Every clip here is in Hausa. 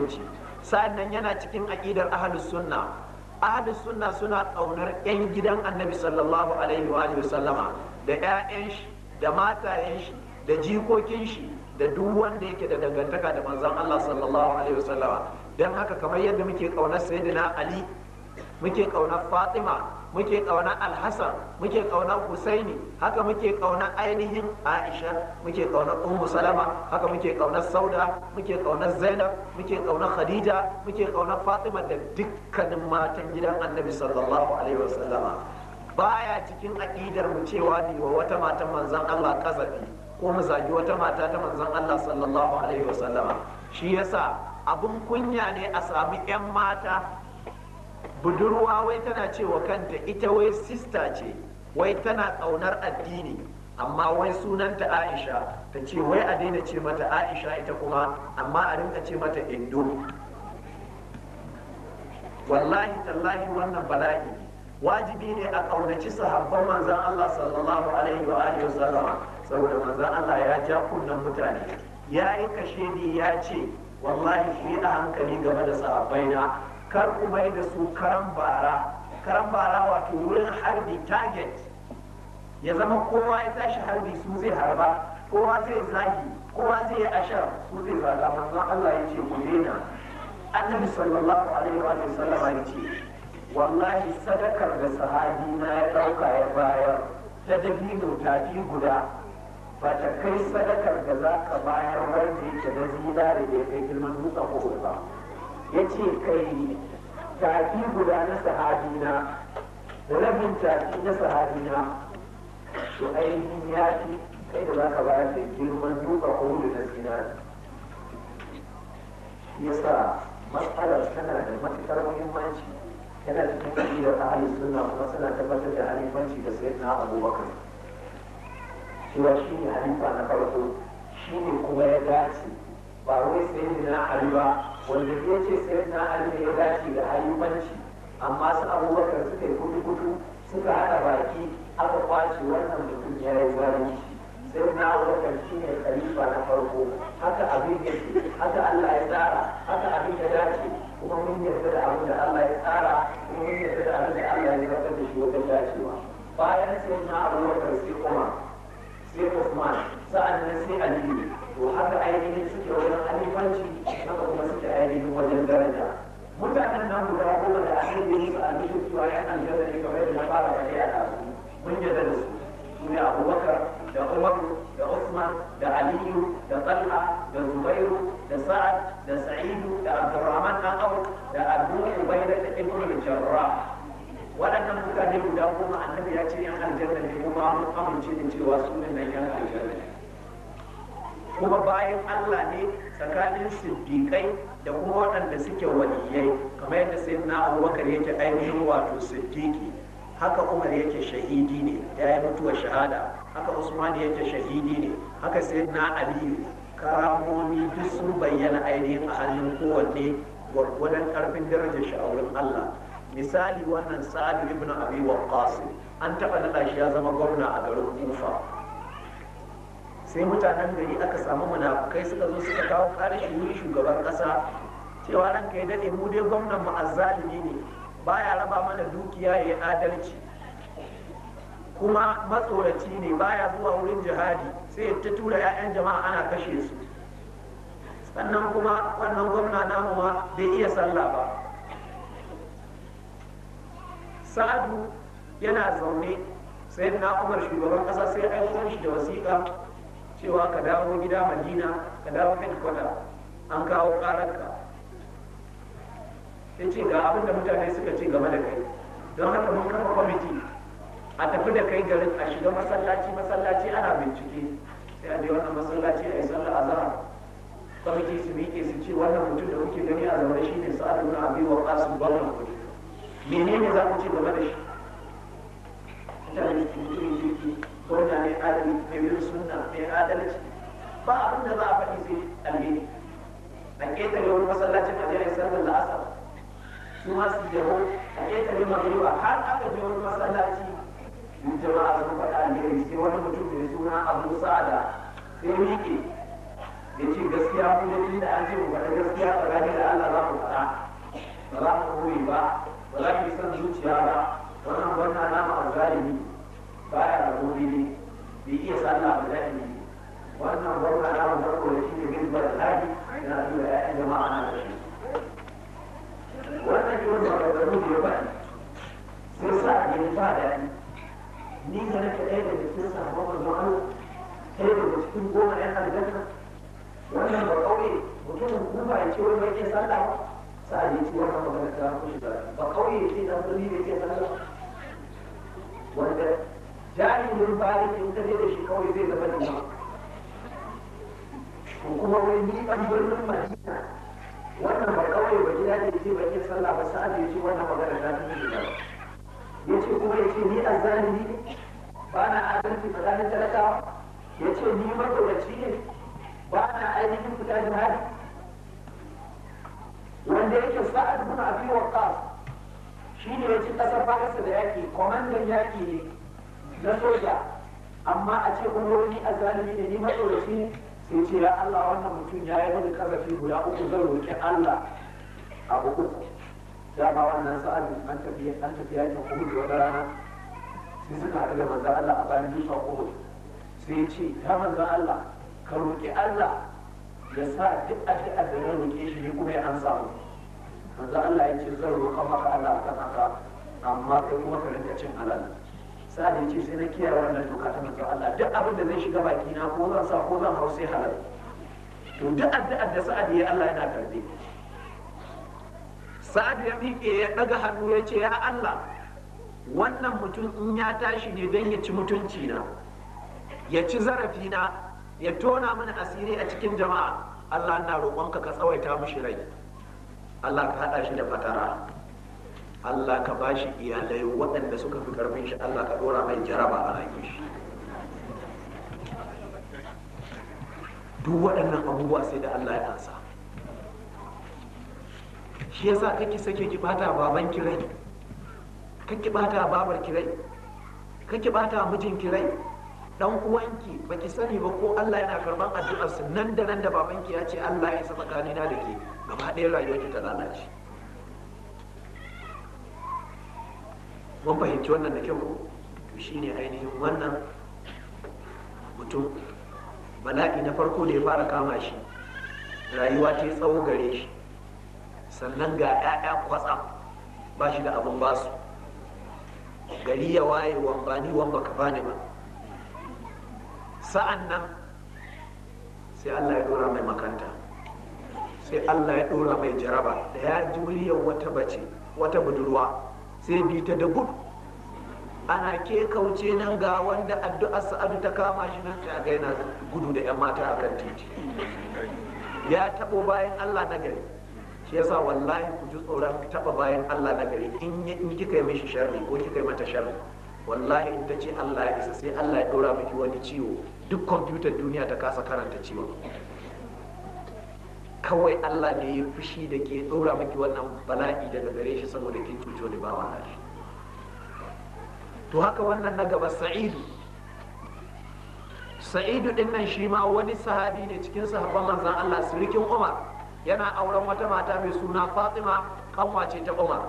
musulunci sa'annan yana cikin aƙidar ahlus sunna ahlus sunna suna ƙaunar 'yan gidan annabi sallallahu alaihi wa sallama da 'ya'yan shi da matayen shi da jikokin shi da duk wanda yake da dangantaka da manzon Allah sallallahu alaihi wa sallama don haka kamar yadda muke ƙaunar sayyidina ali muke ƙaunar fatima muke ƙauna alhassan muke ƙauna husaini haka muke ƙauna ainihin aisha muke ƙauna ummu salama haka muke ƙauna sauda muke ƙauna zainab muke ƙauna khadija muke ƙauna fatima da dukkanin matan gidan annabi sallallahu alaihi wasallama baya cikin aƙidar mu cewa ne wa wata matan manzon Allah kazafi ko mu zagi wata mata ta manzon Allah sallallahu alaihi wasallama shi yasa abun kunya ne a sami 'yan mata budurwa wai tana cewa kanta ita wai sista ce wai tana ƙaunar addini amma wai sunanta aisha ta ce wai a daina ce mata aisha ita kuma amma a rinka ce mata indo wallahi tallahi wannan bala'i wajibi ne a ƙaunaci sahabban manzan Allah sallallahu alaihi wa alihi wasallama saboda manzan Allah ya ja kunnen mutane ya yi kashe ya ce wallahi shi a hankali game da sahabbaina kar ku mai da su karan bara karan bara wato wurin harbi target ya zama kowa ya tashi harbi su zai harba kowa zai zagi kowa zai yi ashar su zai zaga manzon Allah ya ce ku daina annabi sallallahu alaihi wa sallama ya ce wallahi sadakar da sahabi na ya dauka ya bayar ta dabino tafi guda ba ta kai sadakar da za ka bayar wanda yake da zinare da ya kai girman ko ba ya ce kai tafi guda na sahabina rabin tafi na sahabina to ainihin ya fi kai da za ka bayar da girman duka hudu na zinari yasa matsalar tana da matuƙar muhimmanci yana cikin ƙungiyar ahalin sunna kuma suna tabbatar da halifanci da sayyidina abubakar cewa shi ne halifa na farko shi ne kuma ya dace ba wai sayyidina ali ba wanda ya ce sai na ali ya dace da ayyukanci amma su abubakar suka yi gudu gudu suka haɗa baki aka kwace wannan mutum ya yi shi sai na abubakar shi ne khalifa na farko haka abin ke haka Allah ya tsara haka abin da dace kuma mun yarda da abin da Allah ya tsara kuma mun yarda da abin da Allah ya zartar da shi wajen dacewa bayan sai na abubakar sai kuma sai Usman sa'an nan sai Aliyu to haka ainihin suke wajen alifanci haka kuma suke ainihin wajen daraja mutanen nan guda goma da annabi su a cikin suwa ya kan gaza ne kamar da na fara bayani a ɗazu mun yadda da su su ne Abubakar da Umar da Usman da Aliyu da Talha da Zubairu da Sa'ad da Sa'idu da Abdurrahman dan Auf da Abu Ubaida da Ibn al-Jarrah waɗannan mutane guda goma annabi ya ce yan aljanna ne kuma mun amince da cewa su ne nan yan aljanna ne kuma bayan Allah ne tsakanin siddiƙai da kuma waɗanda suke waliyai kamar yadda sai na abubakar yake ainihin wato siddiƙi haka umar yake shahidi ne ya yi mutuwar shahada haka usman yake shahidi ne haka sai na aliyu karamomi duk sun bayyana ainihin a hannun kowanne gwargwadon karfin darajar shi a allah misali wannan sa'adu ibn abi an taɓa naɗa shi ya zama gwamna a garin kufa sai mutanen gari aka samu munafukai suka zo suka kawo ƙarar shuri shugaban ƙasa cewa ka ya daɗe mu dai gwamnan mu azzalimi ne Ba ya raba mana dukiya ya adalci kuma matsoraci ne ba ya zuwa wurin jihadi sai ta tura 'ya'yan jama'a ana kashe su sannan kuma wannan gwamna namu ma bai iya sallah ba sa'adu yana zaune sai na umar shugaban ƙasa sai aiko shi da wasiƙa cewa ka dawo gida madina ka dawo kwata an kawo ƙararka ya ce ga abin da mutane suka ce game da kai don haka mun kafa kwamiti a tafi da kai garin a shiga masallaci masallaci ana bincike sai a wani wannan masallaci a yi a azhar kwamiti su miƙe su ce wannan mutum da kuke gani a zaune shi ne sa'adu na abi wa kasu gwamnan kuɗi menene za ku ce game da shi mutane su mutum Ko gwamna mai adali mai bin suna mai adalci ba abin da za a faɗi sai alheri a ƙetare wani masallacin a jirai sallar la'asar su ma su jaho a ƙetare magariba har aka je wani masallaci in jama'a sun faɗa alheri sai wani mutum mai suna abu sa'ada sai miƙe ya ce gaskiya ku da tun da an ce mu faɗa gaskiya tsakani da Allah za mu faɗa ba za mu koyi ba ba za mu yi son zuciya ba wannan gwamna na mu a zalimi wuri bai iya sallah guda ne wannan gwamna na farko da shi ne gizbar hadi yana zuwa ya'yan jama'a na da shi wannan shi wanda maganganu da ya faɗi sun sa a gani ba daɗi ni ga na kaɗai da cikin sahabon manzon Allah ɗaya daga cikin goma ɗan aljanna wannan ba ƙauye mutumin kuma ya ce wai bai iya sallah ba sa'a ne ci wannan magana ta kushe ba ƙauye ya ce da mutum bai iya sallah wanda jahilin balik in ka je da shi kawai zai zama da ko kuma wai ni dan birnin Madina wannan ba kawai ba gida ne ce ba ke sallah ba sa'a ce wannan magana ta ta gida ya ce kuma ya ce ni azzalimi ne ba na adalci tsakanin talakawa ya ce ni makowaci ne ba na ainihin fita jihadi wanda yake sa'ad bin abi waqqas shine ya ci kasar farisa da yaki komandan yaki ne na soja amma a ce kuma wani a zalimi ne ni matsoraci ne sai ce ya Allah wannan mutum ya yi mini kasafi guda uku zan roƙi Allah abu uku dama wannan sa'adin an tafi an tafi yakin Uhud wata rana sai suka haɗu da manzon Allah a bayan dutsen Uhud sai ya ce ya manzon Allah ka roƙi Allah ya sa duk addu'ar da na roƙe shi kuma ya an samu manzon Allah ya ce zan roƙa maka Allah akan haka amma kai kuma ka rinka cin halal sa da yace sai na kiyaye wannan doka ta manzo Allah duk abin da zai shiga baki na ko zan sa ko zan hau sai halal to duk addu'ar da sa'ad ya Allah yana karbe sa'ad ya miƙe ya ɗaga hannu ya ce ya Allah wannan mutum in ya tashi ne don ya ci mutunci na ya ci zarafi na ya tona mana asiri a cikin jama'a Allah na roƙonka ka tsawaita mushi rai Allah ka haɗa shi da fatara Allah ka ba shi iyalai waɗanda suka fi ƙarfin shi Allah ka ɗora mai jaraba a rayuwar shi duk waɗannan abubuwa sai da Allah ya ansa shi yasa kake sake ki bata baban kirai kake bata babar kirai kake bata mijin kirai dan uwanki baki sani ba ko Allah yana karban addu'arsa nan da nan da babanki ya ce Allah ya isa tsakanina da ke gaba ɗaya rayuwarki ta lalace mun fahimci wannan da kyau to shine ainihin wannan mutum bala'i na farko da ya fara kama shi rayuwa ta yi tsawo gare shi sannan ga 'ya'ya kwatsam ba shi da abin basu gari ya waye wambani wamba ka bani ba sa'an nan sai allah ya dora mai makanta sai allah ya dora mai jaraba da ya ji wata bace wata budurwa sai bi ta da gudu ana ke kauce nan ga wanda adduar sa'adu ta kama shi nan ta ga yana gudu da yan mata a kan titi ya taɓo bayan Allah na gari shi yasa wallahi ku ji tsoron taɓa bayan Allah na gari in kika yi mishi sharri ko kika yi mata sharri wallahi in ta ce Allah ya isa sai Allah ya ɗora miki wani ciwo duk kwamfutar duniya ta kasa karanta ciwo. kawai Allah ne ya fushi da ke ɗora maki wannan bala'i daga gare shi saboda ke cuto da bawa shi to haka wannan na gaba sa'idu sa'idu din nan shi ma wani sahabi ne cikin sahabban manzan Allah sirikin Umar yana auren wata mata mai suna Fatima kanwace ta Umar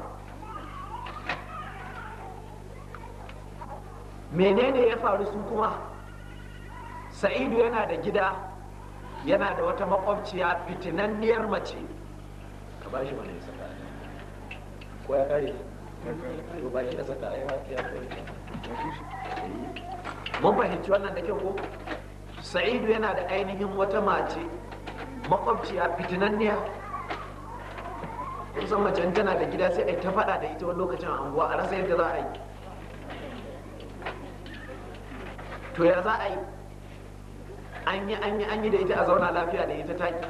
menene ya faru su kuma sa'idu yana da gida yana da wata makwabciya fitinanniyar mace ka ba shi wani saka ko ya kare to ba shi da saka ya kare mun fahimci wannan da kyau ko sa'idu yana da ainihin wata mace makwabciya fitinanniya kusan macen tana da gida sai ai ta faɗa da ita wani lokacin a anguwa a rasa yadda za a yi to ya za a yi an yi an yi an yi da ita a zauna lafiya da ita taki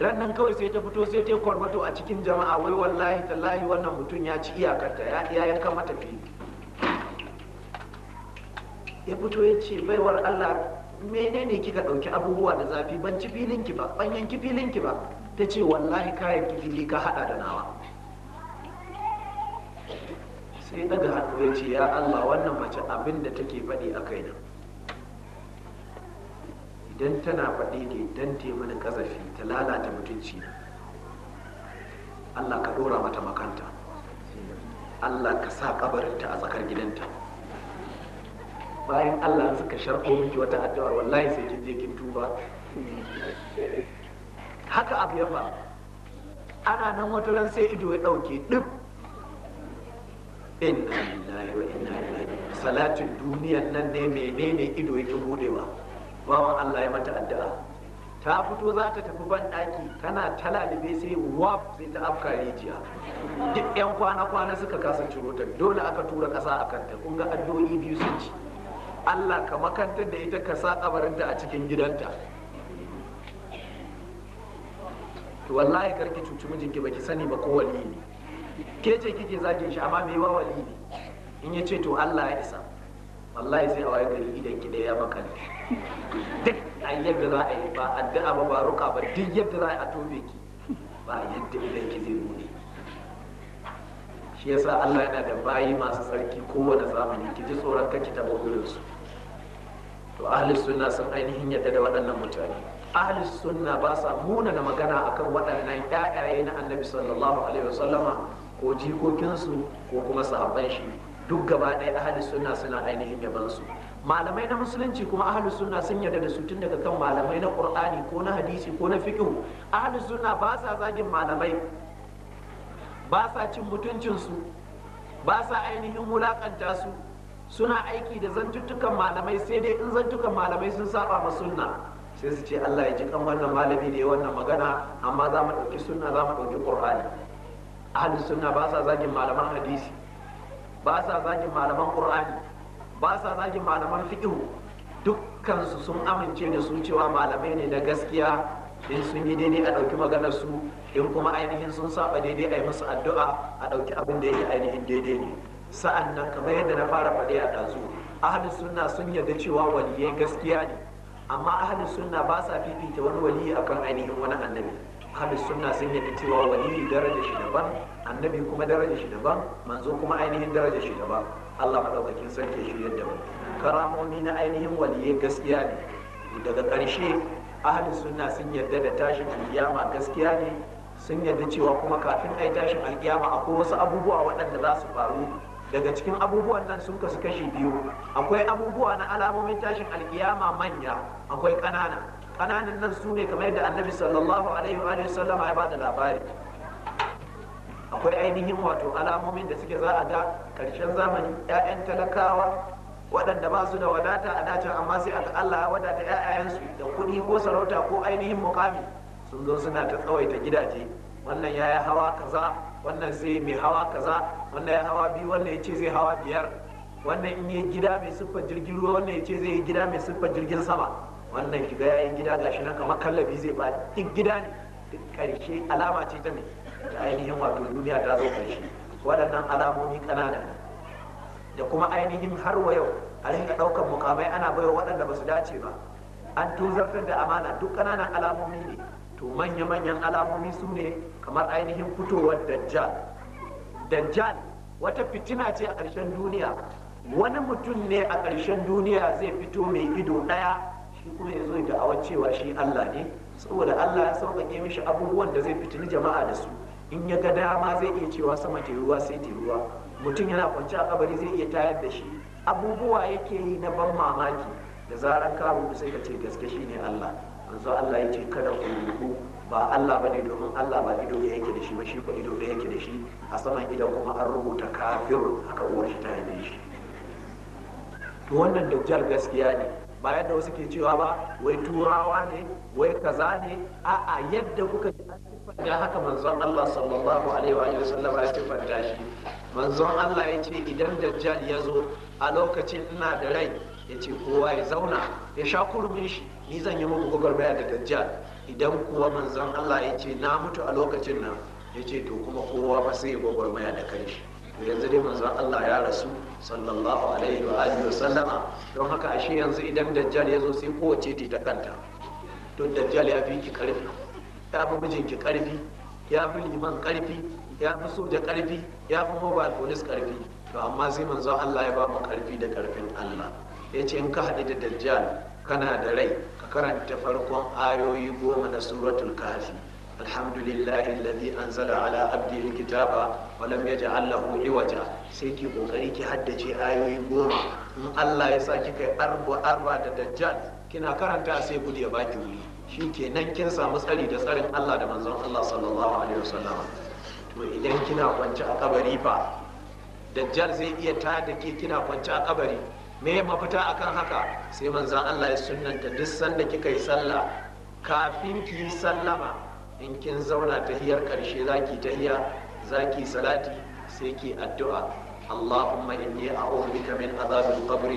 ran nan kawai sai ta fito sai ta kwarmato a cikin jama'a wai wallahi tallahi wannan mutum ya ci iyakarta ya yanka mata fi ya fito ya ce baiwar Allah menene kika dauki abubuwa da zafi ban ci filin ki ba ban yanki ki ba ta ce wallahi kayan fili ka hada da nawa sai daga hannu ya ce ya Allah wannan mace abin da take faɗi a kai kaina idan tana faɗi ne dan te mini ta lalata mutunci Allah ka ɗora mata makanta Allah ka sa kabarinta a tsakar gidanta bayan Allah suka sharko miki wata addu'ar wallahi sai kin je kin tuba haka abu ya faru ana nan wata ran sai ido ya ɗauke ɗin inna lillahi wa inna ilaihi salatin duniyan nan ne menene ido yake budewa Wawan Allah ya mata addu'a ta fito za ta tafi ban ɗaki tana talalibe sai waf sai ta afka rijiya duk yan kwana-kwana suka kasa ciro ta dole aka tura ƙasa a kanta kun ga addu'o'i biyu sun ci Allah ka makantar da ita ka sa kabarinta a cikin gidanta to wallahi karki cuci mijinki baki sani ba ko wali ne ke ce kike zagin shi amma me wali ne in ya ce to Allah ya isa wallahi sai a waye gari idan ki da ya makanta duk a yadda za a yi ba addu'a ba ba ruka ba duk yadda za a tobe ki ba yadda idan ki zai nuni shi yasa Allah yana da bayi masu tsarki kowane zamani ki ji tsoron kake ta su to ahli sunna sun ainihin yadda da waɗannan mutane ahli sunna ba sa munana magana akan waɗannan ƴaƴaye na annabi sallallahu alaihi wasallama ko jikokinsu ko kuma sahabban shi duk gaba ɗaya ahli sunna suna ainihin yabansu su malamai na musulunci kuma ahlus sunna sun yarda da su tun daga kan malamai na qur'ani ko na hadisi ko na fiqh ahlus sunna ba sa zagin malamai ba sa cin mutuncin su ba sa ainihin wulakanta su suna aiki da zantuttukan malamai sai dai in zantukan malamai sun saba ma sunna sai su ce Allah ya ji kan wannan malami da ya wannan magana amma za mu ɗauki sunna za mu ɗauki qur'ani ahlus sunna ba sa zagin malaman hadisi ba sa zagin malaman qur'ani ba sa zagin malaman fiƙihu dukkansu sun amince da su cewa malamai ne na gaskiya in sun yi daidai a ɗauki maganar su in kuma ainihin sun saba daidai a yi musu addu'a a ɗauki abin da yake ainihin daidai ne sa'an nan kamar yadda na fara faɗi a ɗazu ahalin sunna sun yarda cewa waliyai gaskiya ne amma ahalin sunna ba sa fifita wani waliyi akan ainihin wani annabi ahalin sunna sun yarda cewa waliyi daraja shi daban annabi kuma daraja shi daban manzo kuma ainihin daraja shi daban Allah maɗaukakin sarki shi da mu karamomi na ainihin waliye gaskiya ne daga ƙarshe ahli sunna sun yarda da tashin alkiyama gaskiya ne sun yarda cewa kuma kafin ai tashin alkiyama akwai wasu abubuwa waɗanda za su faru daga cikin abubuwan nan sun kasu kashi biyu akwai abubuwa na alamomin tashin alkiyama manya akwai ƙanana ƙananan nan su ne kamar yadda annabi sallallahu alaihi wa sallama ya da labari akwai ainihin wato alamomin da suke za a ga karshen zamani 'ya'yan talakawa waɗanda ba su da wadata a dace amma sai aka Allah ya wadata 'ya'yansu da kuɗi ko sarauta ko ainihin mukami sun zo suna ta tsawaita gidaje wannan ya yi hawa kaza wannan sai mai hawa kaza wannan ya hawa biyu wannan ya ce zai hawa biyar wannan in yi gida mai siffar jirgin ruwa wannan ya ce zai yi gida mai siffar jirgin sama wannan shiga ya yi gida gashi na kamar kallabi zai ba duk gida ne duk ƙarshe alama ce ta mai ainihin wato duniya ta zo ƙarshe waɗannan alamomi ƙanana da kuma ainihin har wa yau a rinka ɗaukar mukamai ana baiwa waɗanda ba su dace ba an tuzartar da amana duk ƙananan alamomi ne to manya-manyan alamomi su ne kamar ainihin fitowar dajjal dajjal wata fitina ce a ƙarshen duniya wani mutum ne a ƙarshen duniya zai fito mai ido ɗaya shi kuma ya zo da cewa shi allah ne saboda allah ya sauƙaƙe mishi abubuwan da zai fitini jama'a da su in ya ga dama zai iya cewa sama ta ruwa sai ta ruwa mutum yana kwanci a kabari zai iya tayar da shi abubuwa yake yi na ban mamaki da zarar ka rubu sai ka ce gaske shi ne Allah manzo Allah ya ce kada ku rubu ba Allah bane domin Allah ba ido da yake da shi ba shi ko ido da yake da shi a saman idan kuma an rubuta kafir aka uwar shi ta yi shi to wannan dajjal gaskiya ne ba yadda wasu ke cewa ba wai turawa ne wai kaza ne a'a yadda kuka ji ya haka manzon Allah sallallahu alaihi wa sallama ya sifanta shi manzon Allah ya ce idan dajjal ya zo a lokacin ina da rai ya ce kowa ya zauna ya sha kurmin shi ni zan yi muku gwagwarmaya da dajjal idan kuwa manzon Allah ya ce na mutu a lokacin nan ya ce to kuma kowa ba sai ya gwagwarmaya da kai to yanzu dai manzon Allah ya rasu sallallahu alaihi wa sallama don haka ashe yanzu idan dajjal ya zo sai kowace ta kanta to dajjal ya fi ki karfi ya fi mijinki karfi ya fi liman karfi ya fi soja karfi ya fi mobile police karfi to amma sai manzo Allah ya ba mu karfi da karfin Allah ya ce in ka haɗu da dajjal kana da rai ka karanta farkon ayoyi goma na suratul kafi الحمد لله الذي انزل على عبده الكتاب ولم يجعل له عوجا sai ki kokari ki haddace ayoyi goma in Allah ya sa kika arba arba da dajjal kina karanta sai ya baki wuri shi kenan kin samu tsari da tsarin Allah da manzon Allah sallallahu alaihi wasallam to idan kina kwance a kabari fa dajjal zai iya ta da ke kina kwance a kabari me mafita akan haka sai manzon Allah ya sunnanta duk sanda kika yi sallah kafin ki yi sallama in kin zauna tahiyar karshe zaki tahiya zaki salati sai ki addu'a اللهم إني أعوذ بك من عذاب القبر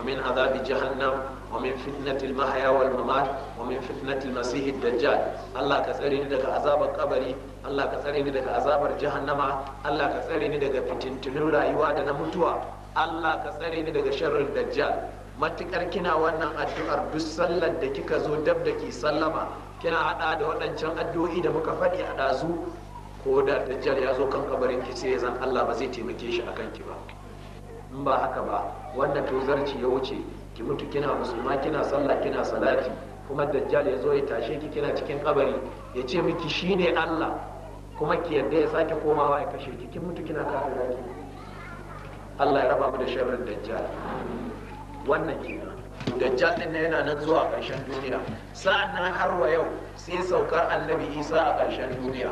ومن عذاب جهنم ومن فتنة المحيا والممات ومن kabari المسيح الدجال الله كسرني دك عذاب قبري الله كسرني دك عذاب جهنم الله كسرني دك فتنتنو رايوا دنا متوا الله كسرني دك شر الدجال matukar kina wannan addu'ar duk sallar da kika zo dab da ki sallama kina hada da waɗancan addu'i da muka faɗi a ɗazu ko da dajjal ya zo kan kabarin ki sai zan Allah ba zai taimake shi a kanki ba in ba haka ba wannan tozarci ya wuce ki mutu kina musulma kina sallah kina salati kuma dajjal ya zo ya tashe ki kina cikin kabari ya ce miki shine Allah kuma ki yadda ya sake komawa ya kashe ki kin mutu kina kafira ki Allah ya raba mu da sharrin dajjal wannan kenan dajjal din yana nan zuwa ƙarshen duniya sa'annan har wa yau sai saukar annabi Isa a ƙarshen duniya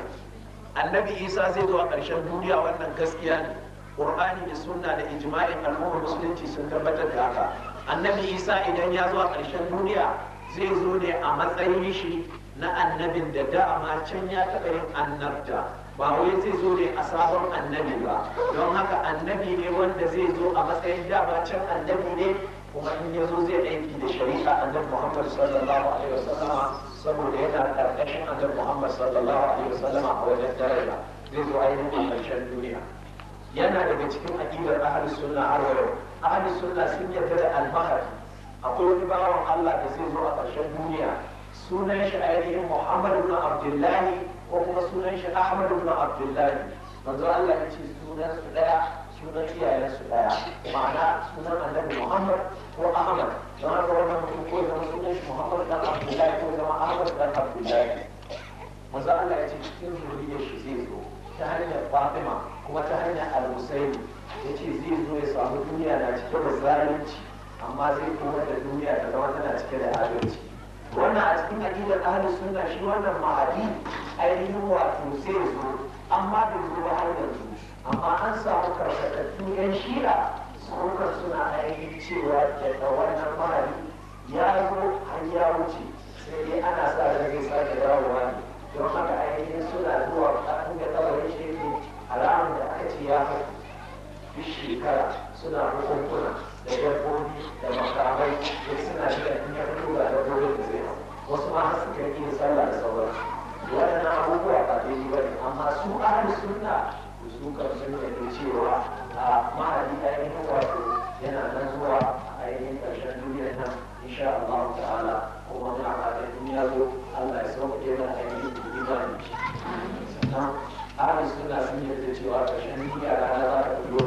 annabi Isa zai zo a ƙarshen duniya wannan gaskiya ne Qur'ani da sunna da ijma'in al'ummar musulunci sun tabbatar da haka annabi isa idan ya zo a ƙarshen duniya zai zo ne a matsayin shi na annabin da dama can ya taɓa yin annabta ba wai zai zo ne a sabon annabi ba don haka annabi ne wanda zai zo a matsayin dama can annabi ne kuma in ya zo zai aiki da shari'a annabi muhammad sallallahu alaihi wasallama saboda yana ƙarƙashin annabi muhammad sallallahu alaihi wasallama a wajen daraja zai zo ainihin a ƙarshen duniya yana daga cikin aƙidar ahlus sunna har yau ahli sunna sun yarda da alfahari akwai wani bawan Allah da zai zo a ƙarshen duniya sunan shi ainihin Muhammad ibn Abdullahi ko kuma sunan shi Ahmad ibn Abdullahi manzo Allah ya ce sunan su daya sunan iyayen su daya ma'ana sunan Annabi Muhammad ko Ahmad don haka wannan mutum ko zama sunan shi Muhammad dan Abdullahi ko zama Ahmad dan Abdullahi manzo Allah ya ce cikin zuriyar shi zai zo ta hanyar Fatima kuma ta hanyar al-husaini ya ce zai zo ya samu duniya na cike da zalunci amma zai kuma da duniya da zama tana cike da adalci wannan a cikin aqidar ahli sunna shi wannan mahadi ainihin wato sai zo amma bai zo ba har yanzu amma an samu karkatattu yan shira suka suna ainihin cewa da wannan mahadi ya zo har ya wuce sai dai ana sa da sake dawowa ne don haka ainihin suna zuwa ta hanyar shi haramun da aka ce ya haɗu duk shekara suna rukunkuna da dabbobi da makamai da suna shiga in ya fito ga dabbobin da zai wasu ma har suka yi sallah da sauransu waɗannan abubuwa ba daidai ba ne amma su ahli sunna su kan sun yadda cewa a mahadi yin wato yana nan zuwa a ainihin ƙarshen duniyar nan insha Allah ta'ala kuma muna fatan in ya zo ahalin suna sun yarda cewa ƙarshen duniya rana za ta fito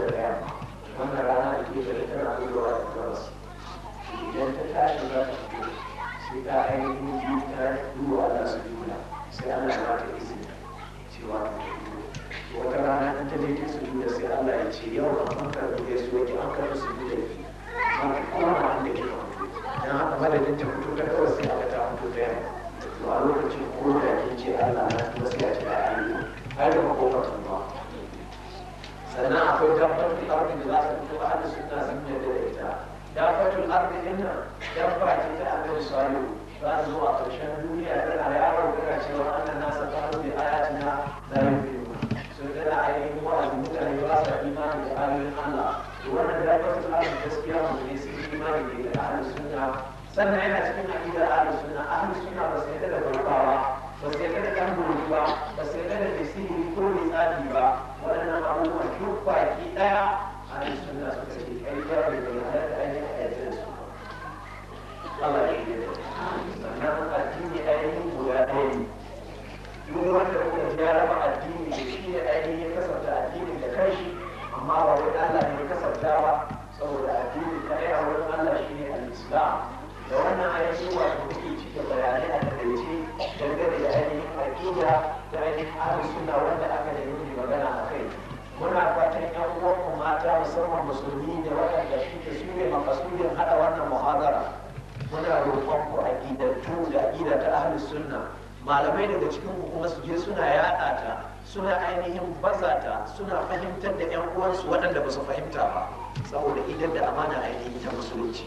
malamai daga cikin kuma su je suna yaɗa ta suna ainihin baza ta suna fahimtar da 'yan uwansu waɗanda ba su fahimta ba saboda idan da amana ainihin ta musulunci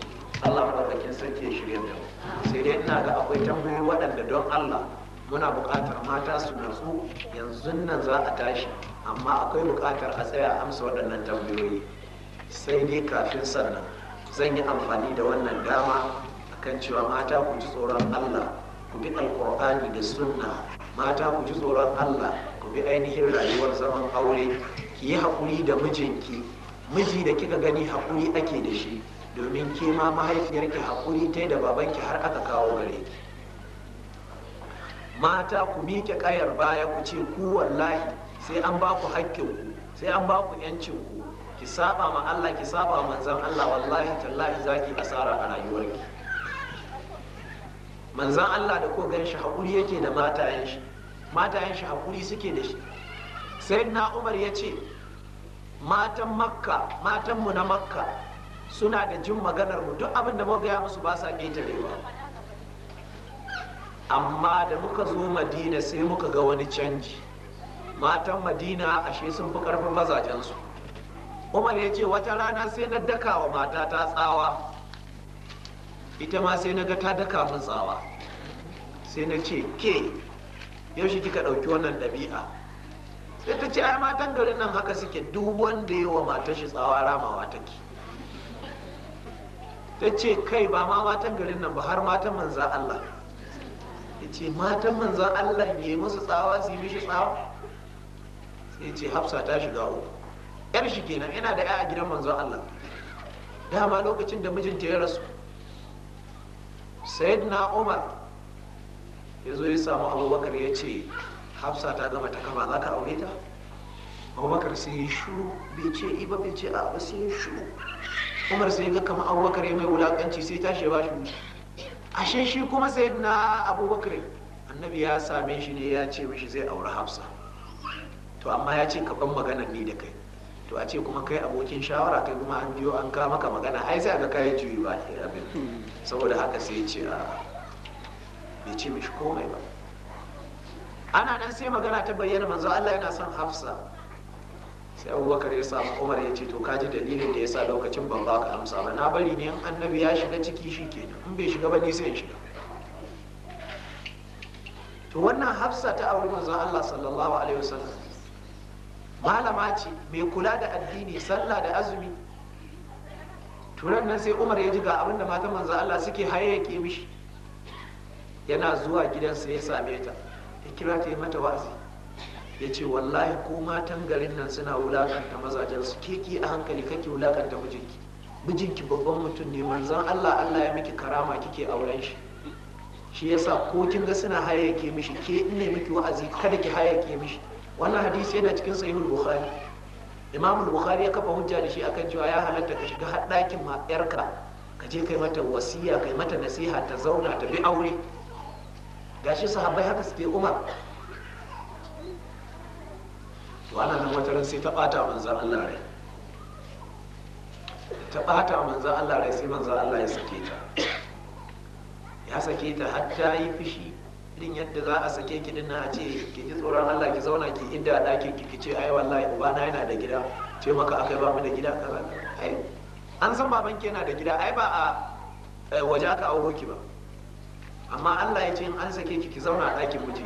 Allah maɗaukakin sarki ya shirya da sai dai ina ga akwai tambayoyi waɗanda don Allah muna buƙatar mata su natsu yanzu nan za a tashi amma akwai buƙatar a tsaya amsa waɗannan tambayoyi sai dai kafin sannan zan yi amfani da wannan dama kan cewa mata ku ji tsoron Allah ku bi alkur'ani da sunna mata ku ji tsoron allah ku bi ainihin rayuwar zaman aure ki yi haƙuri da mijinki miji da kika gani haƙuri ake da shi domin ke ma mahaifiyarki haƙuri ta da babanki har aka kawo gare ki mata ku miƙe ƙayar baya ku ce ku wallahi sai an ba ku hakkinku sai an ba ku ku ki saba ma Allah ki saba manzan Allah wallahi tallahi zaki asara a rayuwarki manzan Allah da ko gan shi haƙuri yake da matayen shi matayen shi haƙuri suke da shi sai na umar ya ce matan makka matanmu na makka suna da jin maganar mu duk abin da mu gaya musu ba sa ƙetarewa amma da muka zo madina sai muka ga wani canji matan madina ashe sun fi ƙarfin mazajensu umar ya ce wata rana sai na daka wa mata ta tsawa ita ma sai na ga ta daka min tsawa sai na ce ke yaushe kika ɗauki wannan ɗabi'a sai ta ce ai matan garin nan haka suke duk wanda ya wa matan shi tsawa ramawa take ta ce kai ba ma matan garin nan ba har matan manzan Allah ya ce matan manzan Allah ya musu tsawa su yi mishi tsawa sai ce hafsa ta shiga uku yar shi kenan yana da a gidan manzon Allah dama lokacin da mijinta ya rasu sayyidina Umar ya zo ya samu abubakar ya ce hafsa ta gama ta kama za ka aure ta abubakar sai ya shuru bai ce ba bai ce a ba sai ya shuru umar sai ga kama abubakar ya mai wulakanci sai tashi ba shi ashe shi kuma sai na abubakar annabi ya same shi ne ya ce mishi zai aure hafsa to amma ya ce kaban maganar ni da kai to a ce kuma kai abokin shawara kai kuma an biyo an kama maka magana ai sai aka kayan juyi ba abin saboda haka sai ya ce a ya ce mishi komai ba ana nan sai magana ta bayyana manzo Allah yana son Hafsa sai Abubakar ya samu Umar ya ce to ka ji dalilin da yasa lokacin ban ba ka amsa ba na bari ne in annabi ya shiga ciki shi kenan in bai shiga ba ni sai in shiga to wannan Hafsa ta auri manzo Allah sallallahu alaihi wasallam malama ce mai kula da addini sallah da azumi turan nan sai Umar ya ji ga abinda matan manzo Allah suke hayayyake mishi yana zuwa gidansa ya same ta ya kira ta yi mata wa'azi ya ce wallahi ko matan garin nan suna wulakanta mazajensu keke a hankali kake wulakanta mijinki mijinki babban mutum ne manzan allah allah ya miki karama kike auren shi shi yasa ko kin ga suna hayayyake mishi ke ina miki wa'azi kada ki hayake mishi wannan hadisi yana cikin sahihul bukhari imam bukhari ya kafa hujja da shi akan cewa ya halatta ka shiga haddakin ma yarka ka je kai mata wasiya kai mata nasiha ta zauna ta bi aure gashi sahabbai haka suke umar ana nan wata ran sai ta bata manzan Allah rai ta bata manzan Allah rai sai manzan Allah ya sake ta ya sake ta har ta yi fishi irin yadda za a sake ki dinna a ce ki ji tsoron Allah ki zauna ki inda a ɗakin ki ce ai wallahi ubana yana da gida ce maka akai ba mu da gida kaza ai an san baban ki yana da gida ai ba a eh, waje aka auro ki ba amma Allah ya ce in an sake ki ki zauna a ɗakin muje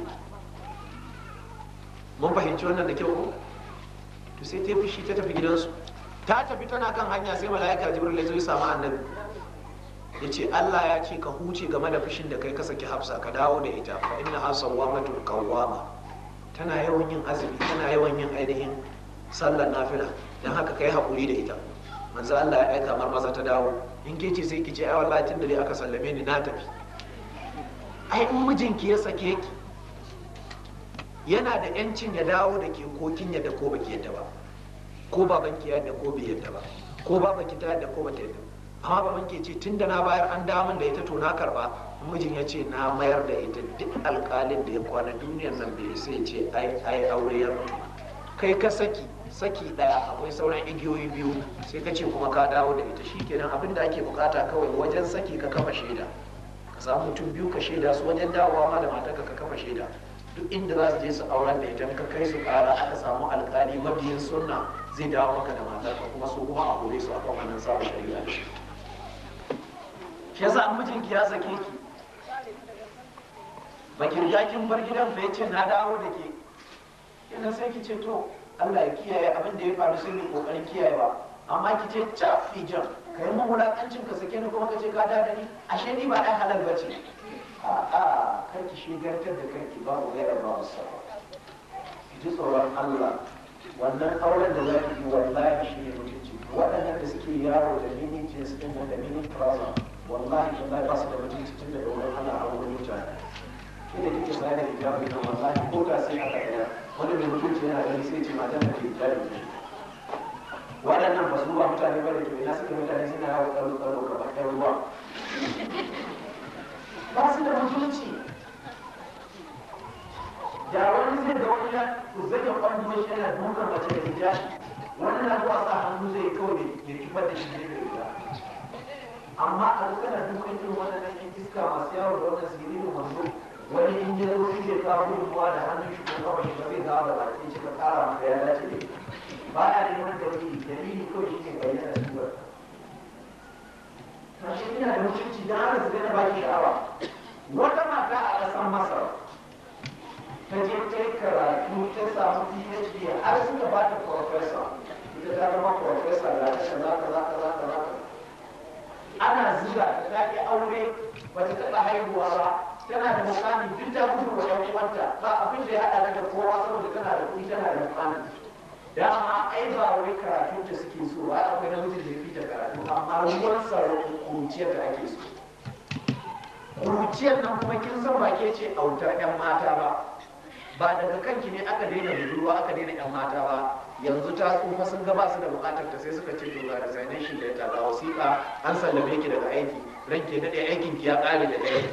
mun fahimci wannan da kyau to sai ta fushi ta tafi gidansu ta tafi tana kan hanya sai mala'ika jibril ya zo ya samu annabi ya ce Allah ya ce ka huce game da fushin da kai ka saki hafsa ka dawo da ita fa inna hafsa wamatul qawwama tana yawan yin azumi tana yawan yin ainihin sallar nafila dan haka kai hakuri da ita manzo Allah ya aika mar maza ta dawo in ke ce sai ki ce ai wallahi tun da aka sallame ni na tafi ai in mijinki ya sake ki yana da yancin ya dawo da ke ko kin yadda ko baki yadda ba ko baban ki yadda ko bai yadda ba ko baban ki ta yadda ko bata yadda amma baban ki ce tun na bayar an damun da ita to na karba mijin ya ce na mayar da ita duk alkalin da ya kwana duniyar nan bai sai ce ai ai aure ya mutu kai ka saki saki daya akwai sauran igiyoyi biyu sai ka ce kuma ka dawo da ita shikenan abin da ake bukata kawai wajen saki ka kafa shaida mu mutum biyu ka shaida su wajen dawowa ma da mata ka kafa shaida duk inda za su je su auren da ita ka kai su kara aka samu alkali mabiyin sunna zai dawo maka da matar ka kuma su kuma a hore su a kan wannan sabon shari'a shi yasa an mijinki ya sake ki bakir ya kin bar gidan fa yace na dawo da ke kina sai ki ce to Allah ya kiyaye abin da ya faru sun yi kokarin kiyayewa amma ki ce ta jan. ka yi mawulakancin ka sake ni kuma ka ce ka da ni ashe ni ba ɗan halal ba ce a'a ki shigartar da kanki babu gairar ba musamman ki ji tsoron Allah wannan auren da za ki yi wallahi shi ne mutunci waɗannan da suke yaro da mini jeans ɗin da mini trouser wallahi wallahi ba su da mutunci tun da ɗaurin Allah a wurin mutane inda kike sai da hijabi na wallahi ko da sai aka ɗaya wani mai mutunci yana ganin, sai ce matan da ke hijabi ne waɗannan ba su ba mutane ba da ke ina suke mutane suna yawo tsaro tsaro ga ɗaya ruwa ba su da mutunci da wani zai da wani na zai da kwan duwa yana dukan mace da hijja wani na zuwa sa hannu zai kawai mai kifar da shi ne da hijja amma a kana dukan irin waɗannan yan iska masu yawo da wannan sirrin wanzu wani in ji zai kawo gudunmuwa da hannun shi ko kawai shi ba zai zawo da bakin shi ka kara maka ya dace da ba a neman tauhidi dalili kawai shi ne bayyana da suwar tashi ina da mutunci don hannun su ba baki sha'awa wata mata a ƙasar masar ta je ta yi karatu ta samu phd har suka ba ta profesa ita ta zama profesa da ta zaka zaka zaka zaka ana zuga ta ta aure ba ta taɓa haihuwa ba tana da mukami duk da gudu wa 'yan uwanta ba abin da ya haɗa da kowa saboda tana da kuɗi tana da mukami ma ai ba wai karatu da suke so ba akwai namijin da ya fita karatu amma ruwan tsaron kuruciyar da ake so kuruciyar nan kuma kin san bake ke ce autar yan mata ba ba daga kanki ne aka daina budurwa aka daina yan mata ba yanzu ta tsufa sun gaba su da bukatar ta sai suka ce to da designer shi da ta ga wasiƙa an sallame ki daga aiki ranke na ɗaya aikin ki ya ƙare da ɗaya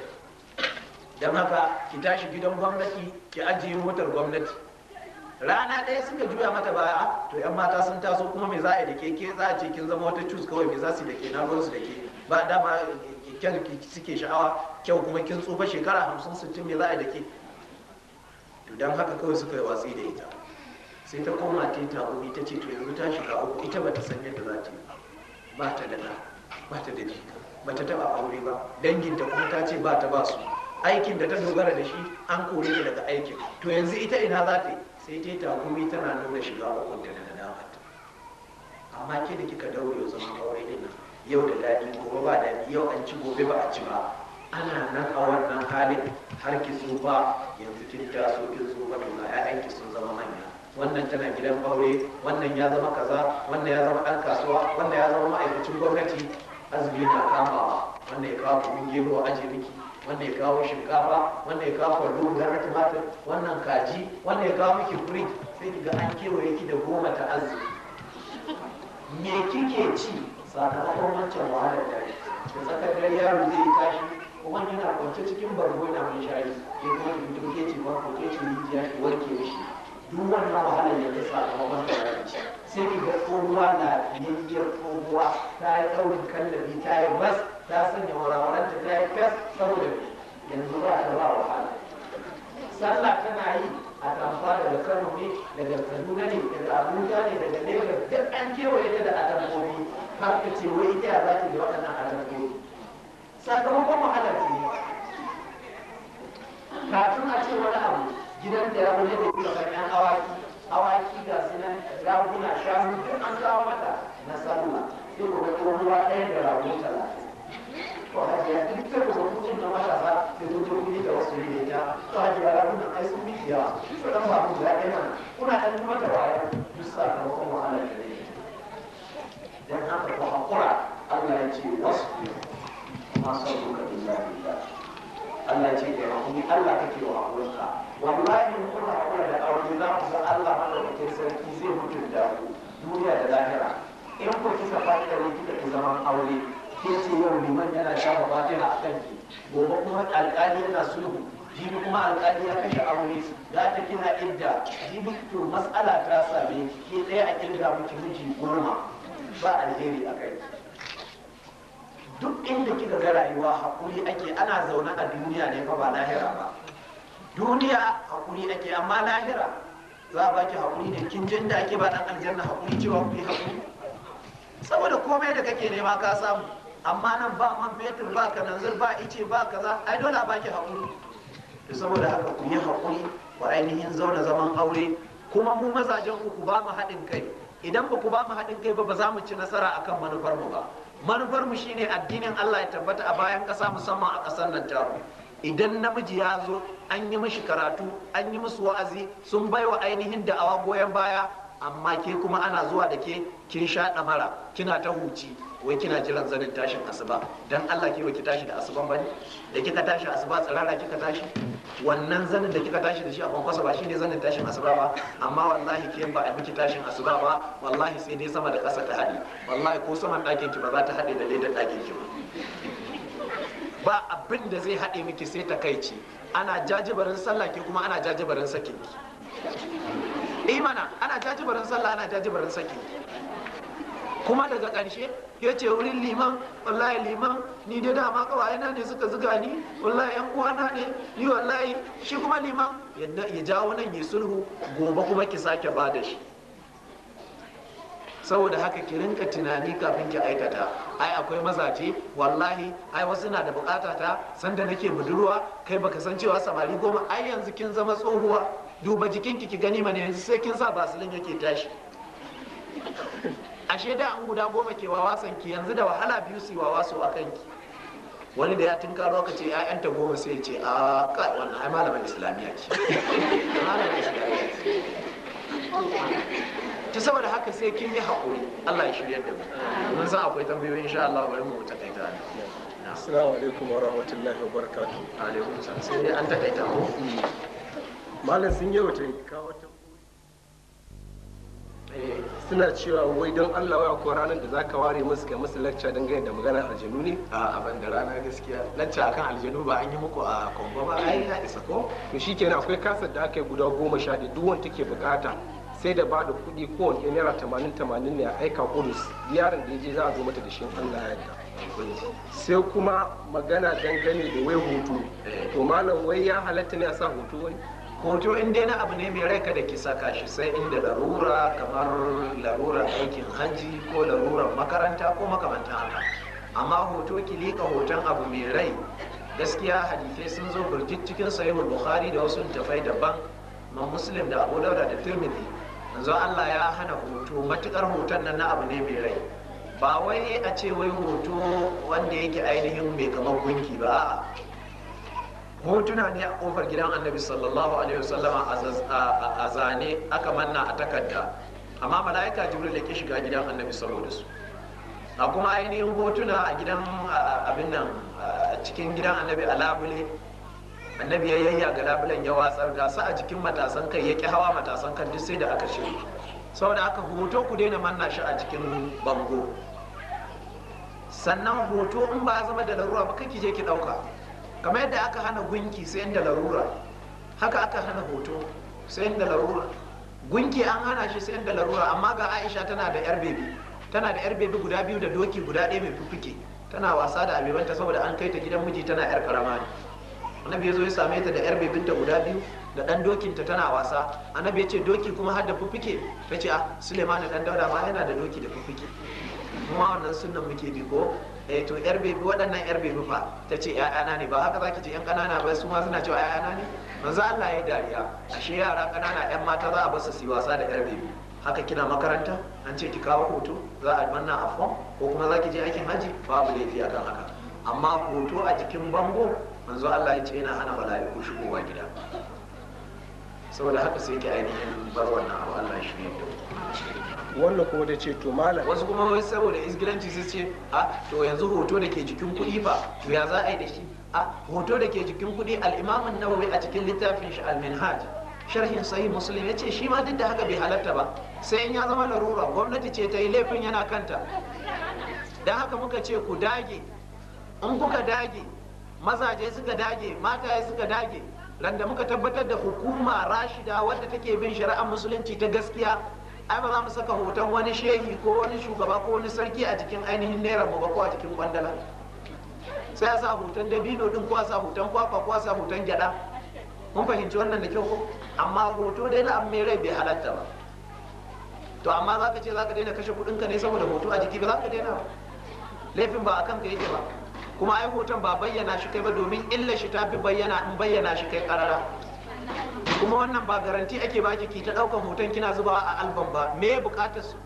don haka ki tashi gidan gwamnati ki ajiye motar gwamnati rana ɗaya suka juya mata baya ah, to yan mata sun taso kuma me za a da ke za a ce kin zama wata cus kawai me za su da ke na ruwan su da ke ba dama eh, kyan suke sha'awa kyau kuma kin tsufa shekara hamsin sittin me za a da ke to dan haka kawai suka yi watsi da ita sai ta koma ta yi tabo ta ce to yanzu ta shiga uku ita bata san yadda za ta yi ba ta da ɗa ba ta da jika ba ta taɓa aure ba danginta kuma ta ce ba ta ba su aikin da ta dogara da shi an kore ne daga aikin to yanzu ita ina za ta yi sai dai takumi tana nuna shiga hukunta da ta, amma ke da kika daure zama aure din nan yau da daɗi gobe ba daɗi yau an ci gobe ba a ci ba ana nan a wannan halin har ki tsufa yanzu kin taso kin tsufa to ga ki sun zama manya wannan tana gidan aure wannan ya zama kaza wannan ya zama ɗan kasuwa wannan ya zama ma'aikacin gwamnati azumi na kamawa wannan ya kawo min gero aje miki wanda ya kawo shinkafa wanda ya kawo kwallo garar tumatir wannan kaji wanda ya kawo miki kuri sai ki ga an kewaye ki da goma ta arziki me kike ci sakamakon wancan wahalar da da tsakar da yaro zai tashi kuma yana kwance cikin bargo yana mun shayi ya kuma ki fito ke ci ba ko ke ci rijiya ki warke mishi duk wannan wahalar ya ta sakamakon da ya ci sai ki ga tsohuwa na yayyar tsohuwa ta yi ɗaurin kallabi ta yi bas ta sanya warawaran ta ta yi fes saboda yanzu ba ta ba wahala sallah tana yi a tamfa daga kano ne daga kaduna ne daga abuja ne daga lagos duk an kewaye ta da atamfomi har ka ce wai ita za ta yi waɗannan atamfomi sakamakon wahalar ce kafin a ce wani abu gidan da ya wani da kuma karɓar awaki awaki ga sunan raguna shanu duk an kawo mata na sallah sai kuma ruwa ɗaya da rago to hajiya duk sai ku zama mutum na matasa da dodo kuri da wasu ne ta to hajiya ya nuna ai sun miki yawa su dan samu guda ɗaya mana kuna ɗan kuma ta waya duk sakamakon wahala da ne dan haka ku haƙura Allah ya ce wasu ne ma sauƙo ka billahi ba Allah ya ce da hakuri Allah kake wa hakurinka wallahi in kuna haƙura da aure za ku san Allah madaukakin sarki zai mutunta ku duniya da lahira in ku kisa fa'idar kika ki zaman aure ke ce yau liman yana shafa fatiha a kan ki gobe kuma alƙali yana sulhu jibi kuma alƙali ya kashe aure za ta kina idda jibi to matsala ta same ki ke ɗaya a kirga miki miji goma ba alheri a kai duk inda kika ga rayuwa hakuri ake ana zaune a duniya ne fa ba lahira ba duniya hakuri ake amma lahira za a baki hakuri ne kin jin da ake ba dan aljanna hakuri cewa ku yi hakuri saboda komai da kake nema ka samu amma nan ba man fetur ba ka kananzir ba ice ba kaza ai dole a baki haƙuri saboda haka ku yi haƙuri ku ainihin zauna zaman aure kuma mu mazajen uku ba mu haɗin kai idan ba ku ba mu haɗin kai ba ba za mu ci nasara akan manufar mu ba manufar mu shine addinin Allah ya tabbata a bayan ƙasa musamman a ƙasar nan taro idan namiji ya zo an yi mishi karatu an yi musu wa'azi sun baiwa ainihin da'awa goyon baya amma ke kuma ana zuwa da ke kin sha ɗamara kina ta huci wai kina jiran zanin tashin asuba dan Allah ke ki tashi da asuban bane da kika tashi asuba tsirara kika tashi wannan zanin da kika tashi da shi a kwankwasa ba shine zanin tashin asuba ba amma wallahi ke ba a miki tashin asuba ba wallahi sai dai sama da ƙasa ta haɗe wallahi ko saman ɗakin ki ba za ta haɗe da ledar ɗakin ki ba ba abin da zai haɗe miki sai takaici ana jajibarin sallah ke kuma ana jajibarin sakin ki eh mana ana barin sallah ana barin saki kuma daga ƙarshe ya ce wurin liman wallahi liman ni dai dama na ne suka zuga ni wallahi yan uwana ne ni wallahi shi kuma liman ya jawo nan yi sulhu gobe kuma ki sake ba da shi saboda haka ki rinka tunani kafin ki aikata ai akwai mazaje wallahi ai wasu na da bukata ta sanda nake budurwa kai baka san cewa samari goma ai yanzu kin zama tsohuwa duba jikinki ki gani mana yanzu sai kin sa basilin yake tashi ashe da an guda goma ke wawasan ki yanzu da wahala biyu su wawaso a kanki wani da ya karo ka ce ‘ya'yanta goma sai ce a kai wannan ai malamin islamiyya ce malamin islamiyya ce ta saboda haka sai kin yi haƙuri Allah ya shirya da mu mun san akwai tambayoyi insha Allah bari mu ta kai ta assalamu alaikum wa rahmatullahi wa barakatuh alaikum salam sai an ta kai mu malam sun yi wata kawo ta eh, suna cewa wai don Allah ya akwai ranar da za ka ware musu ga musu lacca don gani da maganar aljanu ne? A abin da rana gaskiya lacca akan aljanu ba an yi muku a kwamba ba ai ya isa ko? To shi kenan akwai kasar da aka yi guda goma sha da duk wanda take bukata sai da ba da kuɗi ko ɗaya naira tamanin tamanin ne a aika kudus yaron da ya je za a zo mata da shi Allah ya yarda. Sai kuma magana dangane da wai hutu eh. to malam wai ya halatta ne a sa hutu wani? hoto in dai na abu ne mai rai da ki saka shi sai inda larura kamar larura aikin hajji ko larurar makaranta ko makamantan haka amma hoto ki lika hoton abu mai rai gaskiya hadisai sun zo burjit cikin sahihul bukhari da wasu tafai daban ma muslim da abu daura da tirmidhi yanzu allah ya hana hoto matukar hoton nan na abu ne mai rai ba wai a ce wai hoto wanda yake ainihin mai kamar gunki ba a'a hotuna ne a kofar gidan annabi sallallahu alaihi wasallam a zane aka manna a takarda amma mala'ika jibril ke shiga gidan annabi saboda su a kuma ainihin hotuna a gidan abin nan cikin gidan annabi a labule annabi ya yayya ga labulen ya watsar da su a jikin matasan kai ya ki hawa matasan kan duk sai da aka ce saboda aka hoto ku daina manna shi a cikin bango sannan hoto in ba zama da larura ba kake je ki dauka kamar yadda aka hana gunki sai da larura haka aka hana hoto sai da larura gunki an hana shi sai da larura amma ga aisha tana da yar bebi tana da yar bebi guda biyu da doki guda ɗaya mai fuffuke tana wasa da abebanta saboda an kai ta gidan miji tana yar karama ne annabi ya zo ya same ta da yar bebinta guda biyu da ɗan dokinta tana wasa annabi ya ce doki kuma har da fuffuke ta ce a ah, suleiman da ɗan dauda ma yana da doki da fuffuke kuma wannan sunan muke bi ko eh to yar bebi waɗannan yar bebi fa ta ce ‘ya'yana ne ba haka zaki ce ‘yan ƙanana ba su ma suna cewa ‘ya'yana ne manzo Allah ya dariya ashe yara ƙanana ‘yan mata za a basu su wasa da yar bebi haka kina makaranta an ce ki kawo hoto za a manna a fom ko kuma za ki je aikin haji babu laifi akan haka amma hoto a jikin bango manzo Allah ya ce yana hana ko shigowa gida saboda haka sai ki ainihin bar wannan abu Allah shi ne wannan kuma da ce to malam wasu kuma wai saboda isgilanci su ce a ah, to yanzu hoto da ke jikin kuɗi fa to ya za a yi da shi a ah, hoto da ke jikin kuɗi al'imamun nawawi a cikin littafin shi al-minhaj sharhin sa'i muslim ya ce shi ma duk da haka bai halatta ba sai in ya zama larura gwamnati ce ta yi laifin yana kanta don haka muka ce ku dage in kuka dage mazaje suka dage mataye suka dage randa muka tabbatar da hukuma rashida wadda take bin shari'ar musulunci ta gaskiya ai ba za mu saka hoton wani shehi ko wani shugaba ko wani sarki a jikin ainihin naira mu ba ko a jikin kwandala sai a sa hoton dabino din ko a sa hoton kwakwa ko a sa hoton gyada mun fahimci wannan da kyau ko amma hoto dai na mai rai bai halatta ba to amma za ka ce za ka daina kashe kudin ka ne saboda hoto a jiki ba za ka daina ba laifin ba a kanka yake ba kuma ai hoton ba bayyana shi kai ba domin illa shi ta fi bayyana in bayyana shi kai karara kuma wannan ba garanti ake baki ki ta daukan hoton kina zuba a album ba me bukatar su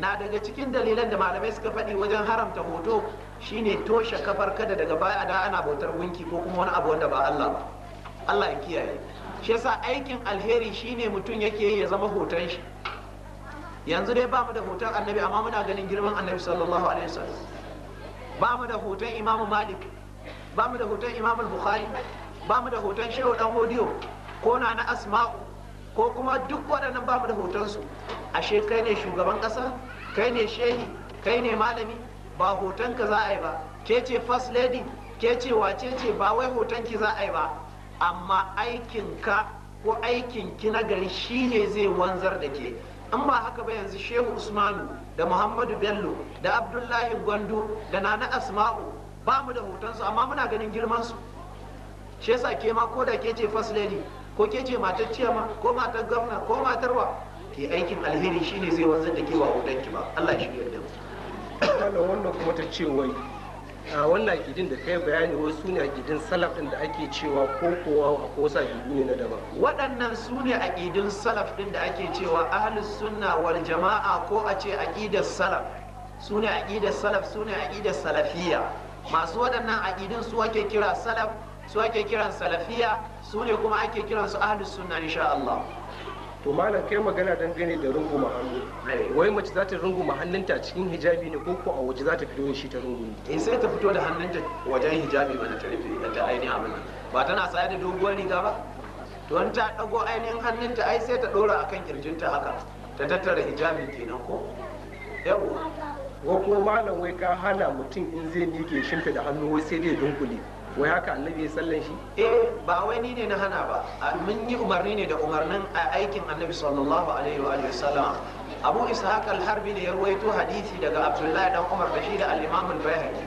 na daga cikin dalilan da malamai suka faɗi wajen haramta hoto shine toshe kafar kada daga baya da ana bautar gunki ko kuma wani abu wanda ba Allah ba Allah ya kiyaye shi yasa aikin alheri shine mutum yake ya zama hoton shi yanzu dai ba mu da hoton annabi amma muna ganin girman annabi sallallahu alaihi wasallam ba mu da hoton imamu malik ba mu da hoton imamu bukhari ba mu da hoton shehu dan hodiyo ko na na asma'u ko kuma duk waɗannan ba mu da hotonsu ashe kai ne shugaban ƙasa kai ne shehi kai ne malami ba hoton za a yi ba ke ce first lady ke ce wace ce ba wai hotonki za a yi ba amma aikin ka ko aikin ki na gari shine zai wanzar da ke in ba haka ba yanzu shehu usmanu da muhammadu bello da abdullahi gwandu da nana asma'u ba mu da hotonsu amma muna ganin girmansu shi yasa ke ma ko da ke ce first lady ko ke ce matar ciyama ko matar gwamna ko matar wa ke aikin alheri shine zai wanzar da ke ba ki ba Allah shi yarda mu wannan kuma ta ce wai a wannan gidin da kai bayani wai su ne gidin salaf din da ake cewa ko kowa a kosa gidi ne na daban waɗannan su ne gidin salaf din da ake cewa ahlus sunna wal jama'a ko a ce aqidar salaf su ne aqidar salaf su ne aqidar salafiyya masu waɗannan aqidin su ake kira salaf su ake kiran salafiya su ne kuma ake kiransu ahlus sunna insha Allah to malam kai magana dangane da runguma hannu wai mace za ta runguma hannunta cikin hijabi ne ko ko a waje za ta fito da shi ta rungumi in eh, sai ta fito da hannunta wajen hijabi bana ta rufe ta ainihin abin ba tana saye da doguwar riga ba to an ta dago ainihin hannunta ai sai ta dora akan kirjinta haka ta tattara hijabin kenan ko yawa ko kuma malam wai ka hana mutum in zai miƙe shimfe da hannu wai sai dai dunkule wai haka annabi ya sallan shi eh ba wai ni ne na hana ba mun yi umarni ne da umarnin a aikin annabi sallallahu alaihi wa sallam abu ishaq al-harbi ne ya ruwaito hadisi daga abdullahi dan umar da shi da al-imam al-bayhaqi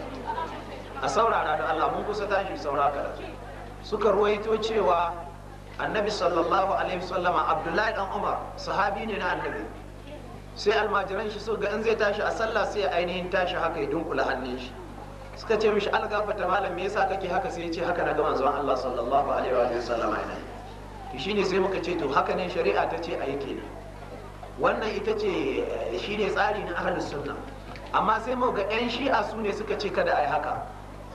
a saurara da Allah mun kusa tashi saurara suka ruwaito cewa annabi sallallahu alaihi wasallama abdullahi dan umar sahabi ne na annabi sai almajiran shi so ga in zai tashi a sallah sai ainihin tashi haka ya dunkula hannun shi suka ce mishi an gafarta malam me yasa kake haka sai ya ce haka na ga manzon Allah sallallahu alaihi wa sallam yana to shine sai muka ce to haka ne shari'a ta ce a yake wannan ita ce eh, shine tsari na ahlus sunna amma sai mu ga yan shi'a su ne suka ce kada ai haka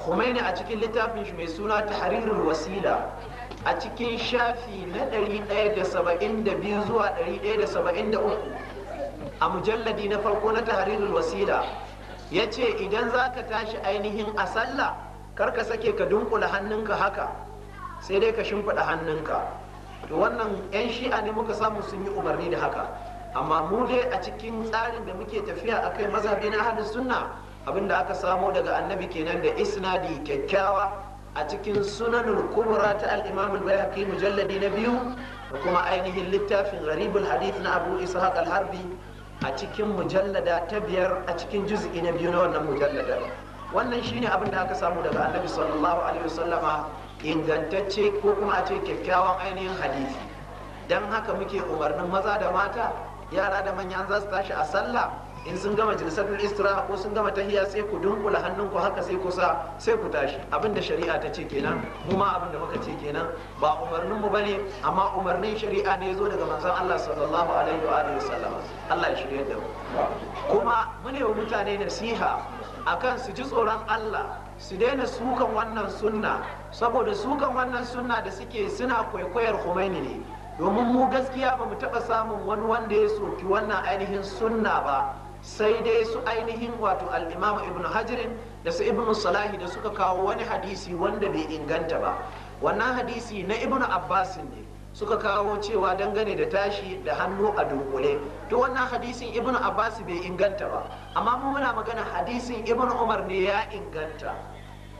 Khomeini a cikin littafin shi mai suna tahrirul wasila a cikin shafi na 172 zuwa 173 a mujalladi na farko na tahrirul wasila ya ce idan za ka tashi ainihin a sallah kar ka sake ka dunkula hannunka haka sai dai ka shimfiɗa hannunka to wannan 'yan shi'a ne muka samu sun yi umarni da haka amma mu dai a cikin tsarin da muke tafiya a kai mazhabi na ahlus sunna abinda aka samo daga annabi kenan da isnadi kyakkyawa a cikin sunanul kubra ta al-imam al mujalladi na biyu da kuma ainihin littafin gharibul hadith na abu ishaq al-harbi a cikin mujallada ta biyar a cikin juz'i na biyu na wannan mujallada wannan shine abin da aka samu daga annabi sallallahu alaihi wasallama ingantacce ko kuma a ce kyakkyawan ainihin hadisi dan haka muke umarnin maza da mata yara da manya za su tashi a sallah in sun gama jilsatul istira ko sun gama tahiya sai ku dunkula hannunku haka sai kusa sai ku tashi abinda shari'a ta ce kenan mu abinda muka ce kenan ba umarnin mu bane amma umarnin shari'a ne zo daga manzon Allah sallallahu alaihi wa alihi wasallam Allah ya shirye da mu kuma mune wa mutane nasiha akan su ji tsoron Allah su daina sukan wannan sunna saboda sukan wannan sunna da suke suna kwaikwayar Khomeini ne domin mu gaskiya ba mu taɓa samun wani wanda ya soki wannan ainihin sunna ba sai dai su ainihin wato al'imama ibn hajirin da su ibn salahi da suka kawo wani hadisi wanda bai inganta ba wannan hadisi na ibn abbasin ne suka kawo cewa dangane da tashi da hannu a dunkule to wannan hadisin ibn abbas bai inganta ba amma mu muna magana hadisin ibn umar ne ya inganta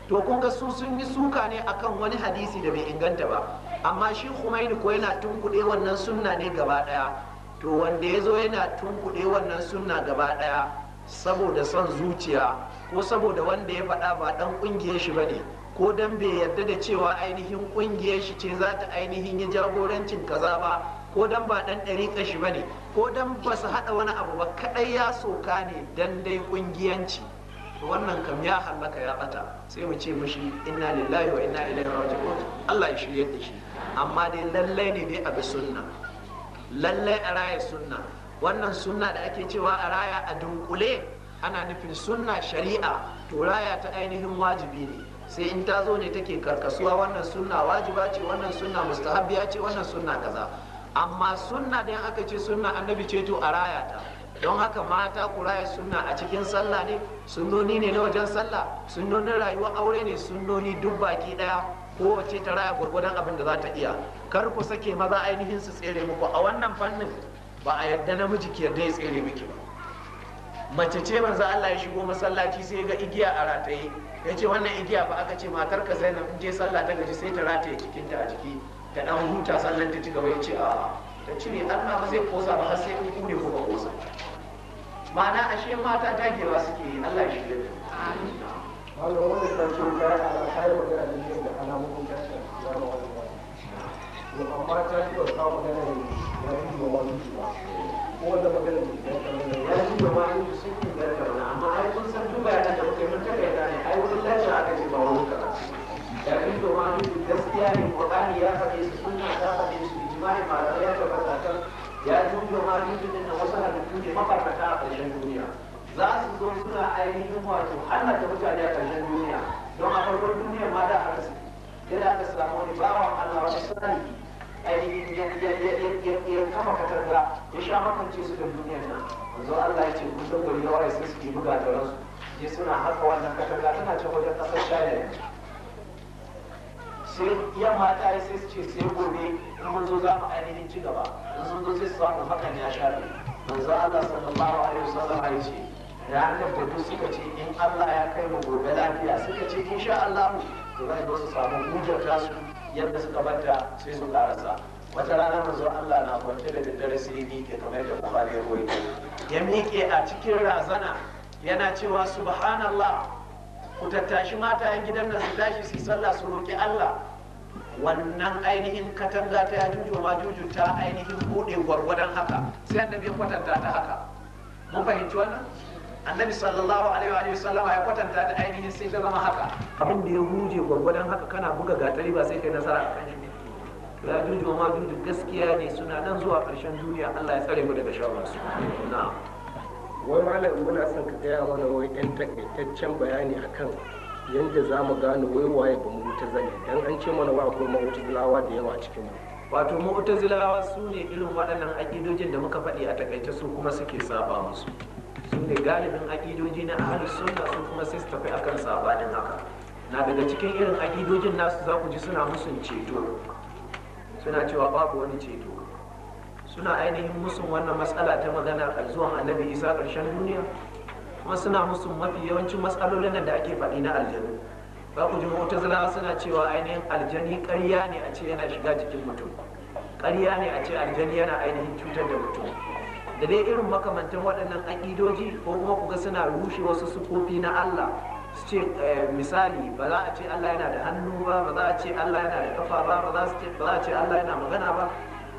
to kun ga su sun yi suka ne akan wani hadisi da bai inganta ba amma shi kuma ko yana tunkuɗe wannan sunna ne gaba ɗaya to wanda ya zo yana tunkuɗe wannan suna gaba ɗaya saboda son zuciya ko saboda wanda ya faɗa ba ɗan ƙungiyar shi ba ne ko dan bai yarda da cewa ainihin ƙungiyar shi ce za ta ainihin yi jagorancin kaza ba ko dan ba ɗan ɗari shi ba ne ko dan ba su haɗa wani abu ba kaɗai ya soka ne dan dai ƙungiyanci wannan kam ya hallaka ya bata sai mu ce mishi inna lillahi wa inna ilaihi raji'un Allah ya shirye da shi amma dai lallai ne dai a bi sunna lallai a raya sunna wannan sunna da ake cewa a raya a dunkule ana nufin sunna shari'a to raya ta ainihin wajibi ne sai in ta zo ne take karkasuwa wannan sunna wajiba ce wannan sunna mustahabbiya ce wannan sunna kaza amma sunna da aka ce sunna annabi ce to a raya ta don haka mata ku raya sunna a cikin sallah ne sunnoni ne na wajen sallah sunnonin rayuwar aure ne sunnoni duk baki daya kowace ta raya gurgudan abin da za ta iya kar ku sake maza ainihin su tsere muku a wannan fannin ba a yadda namiji ke yadda ya tsere miki ba mace ce manzo Allah ya shigo masallaci sai ga igiya a rataye ya ce wannan igiya ba aka ce matar ka zainab in je sallah ta gaji sai ta rataye ta a jiki ta dan huta sallan ta ci gaba ya ce a ta cire Allah ba zai kosa ba sai in kure ko ba kosa ma'ana ashe mata dagewa suke yi Allah ya shirya हम लोगों ने कंप्यूटर अलाखाई वगैरह लिए अलामों को क्या वो हमारा चाहे तो उसका वगैरह नहीं यही मोबाइल की बात वो तो वगैरह नहीं ऐसी बीमारी जिससे कि डर करना हमारे को समझू बैठा जब पेमेंट का कहता है आई वुड लाइक टू आगे बीमारी करना ऐसी बीमारी की दस किया है पता नहीं या कभी सुनना था कभी बीमारी मारा या तो पता चल या जो बीमारी जिन्हें नौसा है पूरे मकर कटा है दुनिया za su zo suna ainihin wato hannata mutane a ƙarshen duniya don a farkon duniya ma da aka su yana aka samu wani bawan Allah wani sani ainihin ya kama katanga ya sha makance su da duniyar nan zo Allah ya ce kusan gari na waye sai su ɗibi gataransu je suna haka wannan katanga tana can wajen ƙasar shayar sai yamma ta yi sai su ce sai gobe in mun zo za mu ainihin ci gaba in sun zo sai su samu hakan ya shafe manzo Allah sallallahu alaihi wasallam ya ce ranar da duk suka ce in Allah ya kai mu gobe lafiya suka ce in sha Allah to zai zo su samu hujjar tasu yadda suka banta sai su karasa wata rana manzo Allah na kwance da daddare sai ni ke kamar da Bukhari ya ya miƙe a cikin razana yana cewa subhanallah ku tattashi yan gidan nan su tashi su sallah su roki Allah wannan ainihin katanga ta yajuju ma juju ta ainihin buɗe gwargwadon haka sai annabi ya kwatanta ta haka mun fahimci wannan annabi sallallahu alaihi wa sallam ya kwatanta da ainihin sai zama haka abin da ya huje gwargwadon haka kana buga gatari ba sai kai nasara a kan ya juju ma juju gaskiya ne suna nan zuwa ƙarshen duniya Allah ya tsare mu daga shawararsu na wai malam muna son ka gaya mana wai ɗan takaitaccen bayani akan yadda za mu gane wai waye ba mu wuta zane dan an ce mana ba akwai mu'tazilawa da yawa cikin mu wato mu'tazilawa su ne irin waɗannan aƙidojin da muka faɗi a takaice su kuma suke saba musu su ne galibin aƙidoji na ahalus sunna su kuma sai su tafi akan sabanin haka na daga cikin irin aƙidojin nasu za ku ji suna musun ceto suna cewa babu wani ceto suna ainihin musun wannan matsala ta magana a zuwan annabi isa ƙarshen duniya kuma suna musun mafi yawancin matsalolin da ake faɗi na aljanu za ku ji mutazila suna cewa ainihin aljani ƙarya ne a ce yana shiga jikin mutum ƙarya ne a ce aljani yana ainihin cutar da mutum da dai irin makamantan waɗannan aƙidoji ko kuma kuga suna rushe wasu sukofi na Allah su ce eh, misali ba za a ce Allah yana da hannu ba ba za a ce Allah yana da kafa ba ba za a ce Allah yana magana ba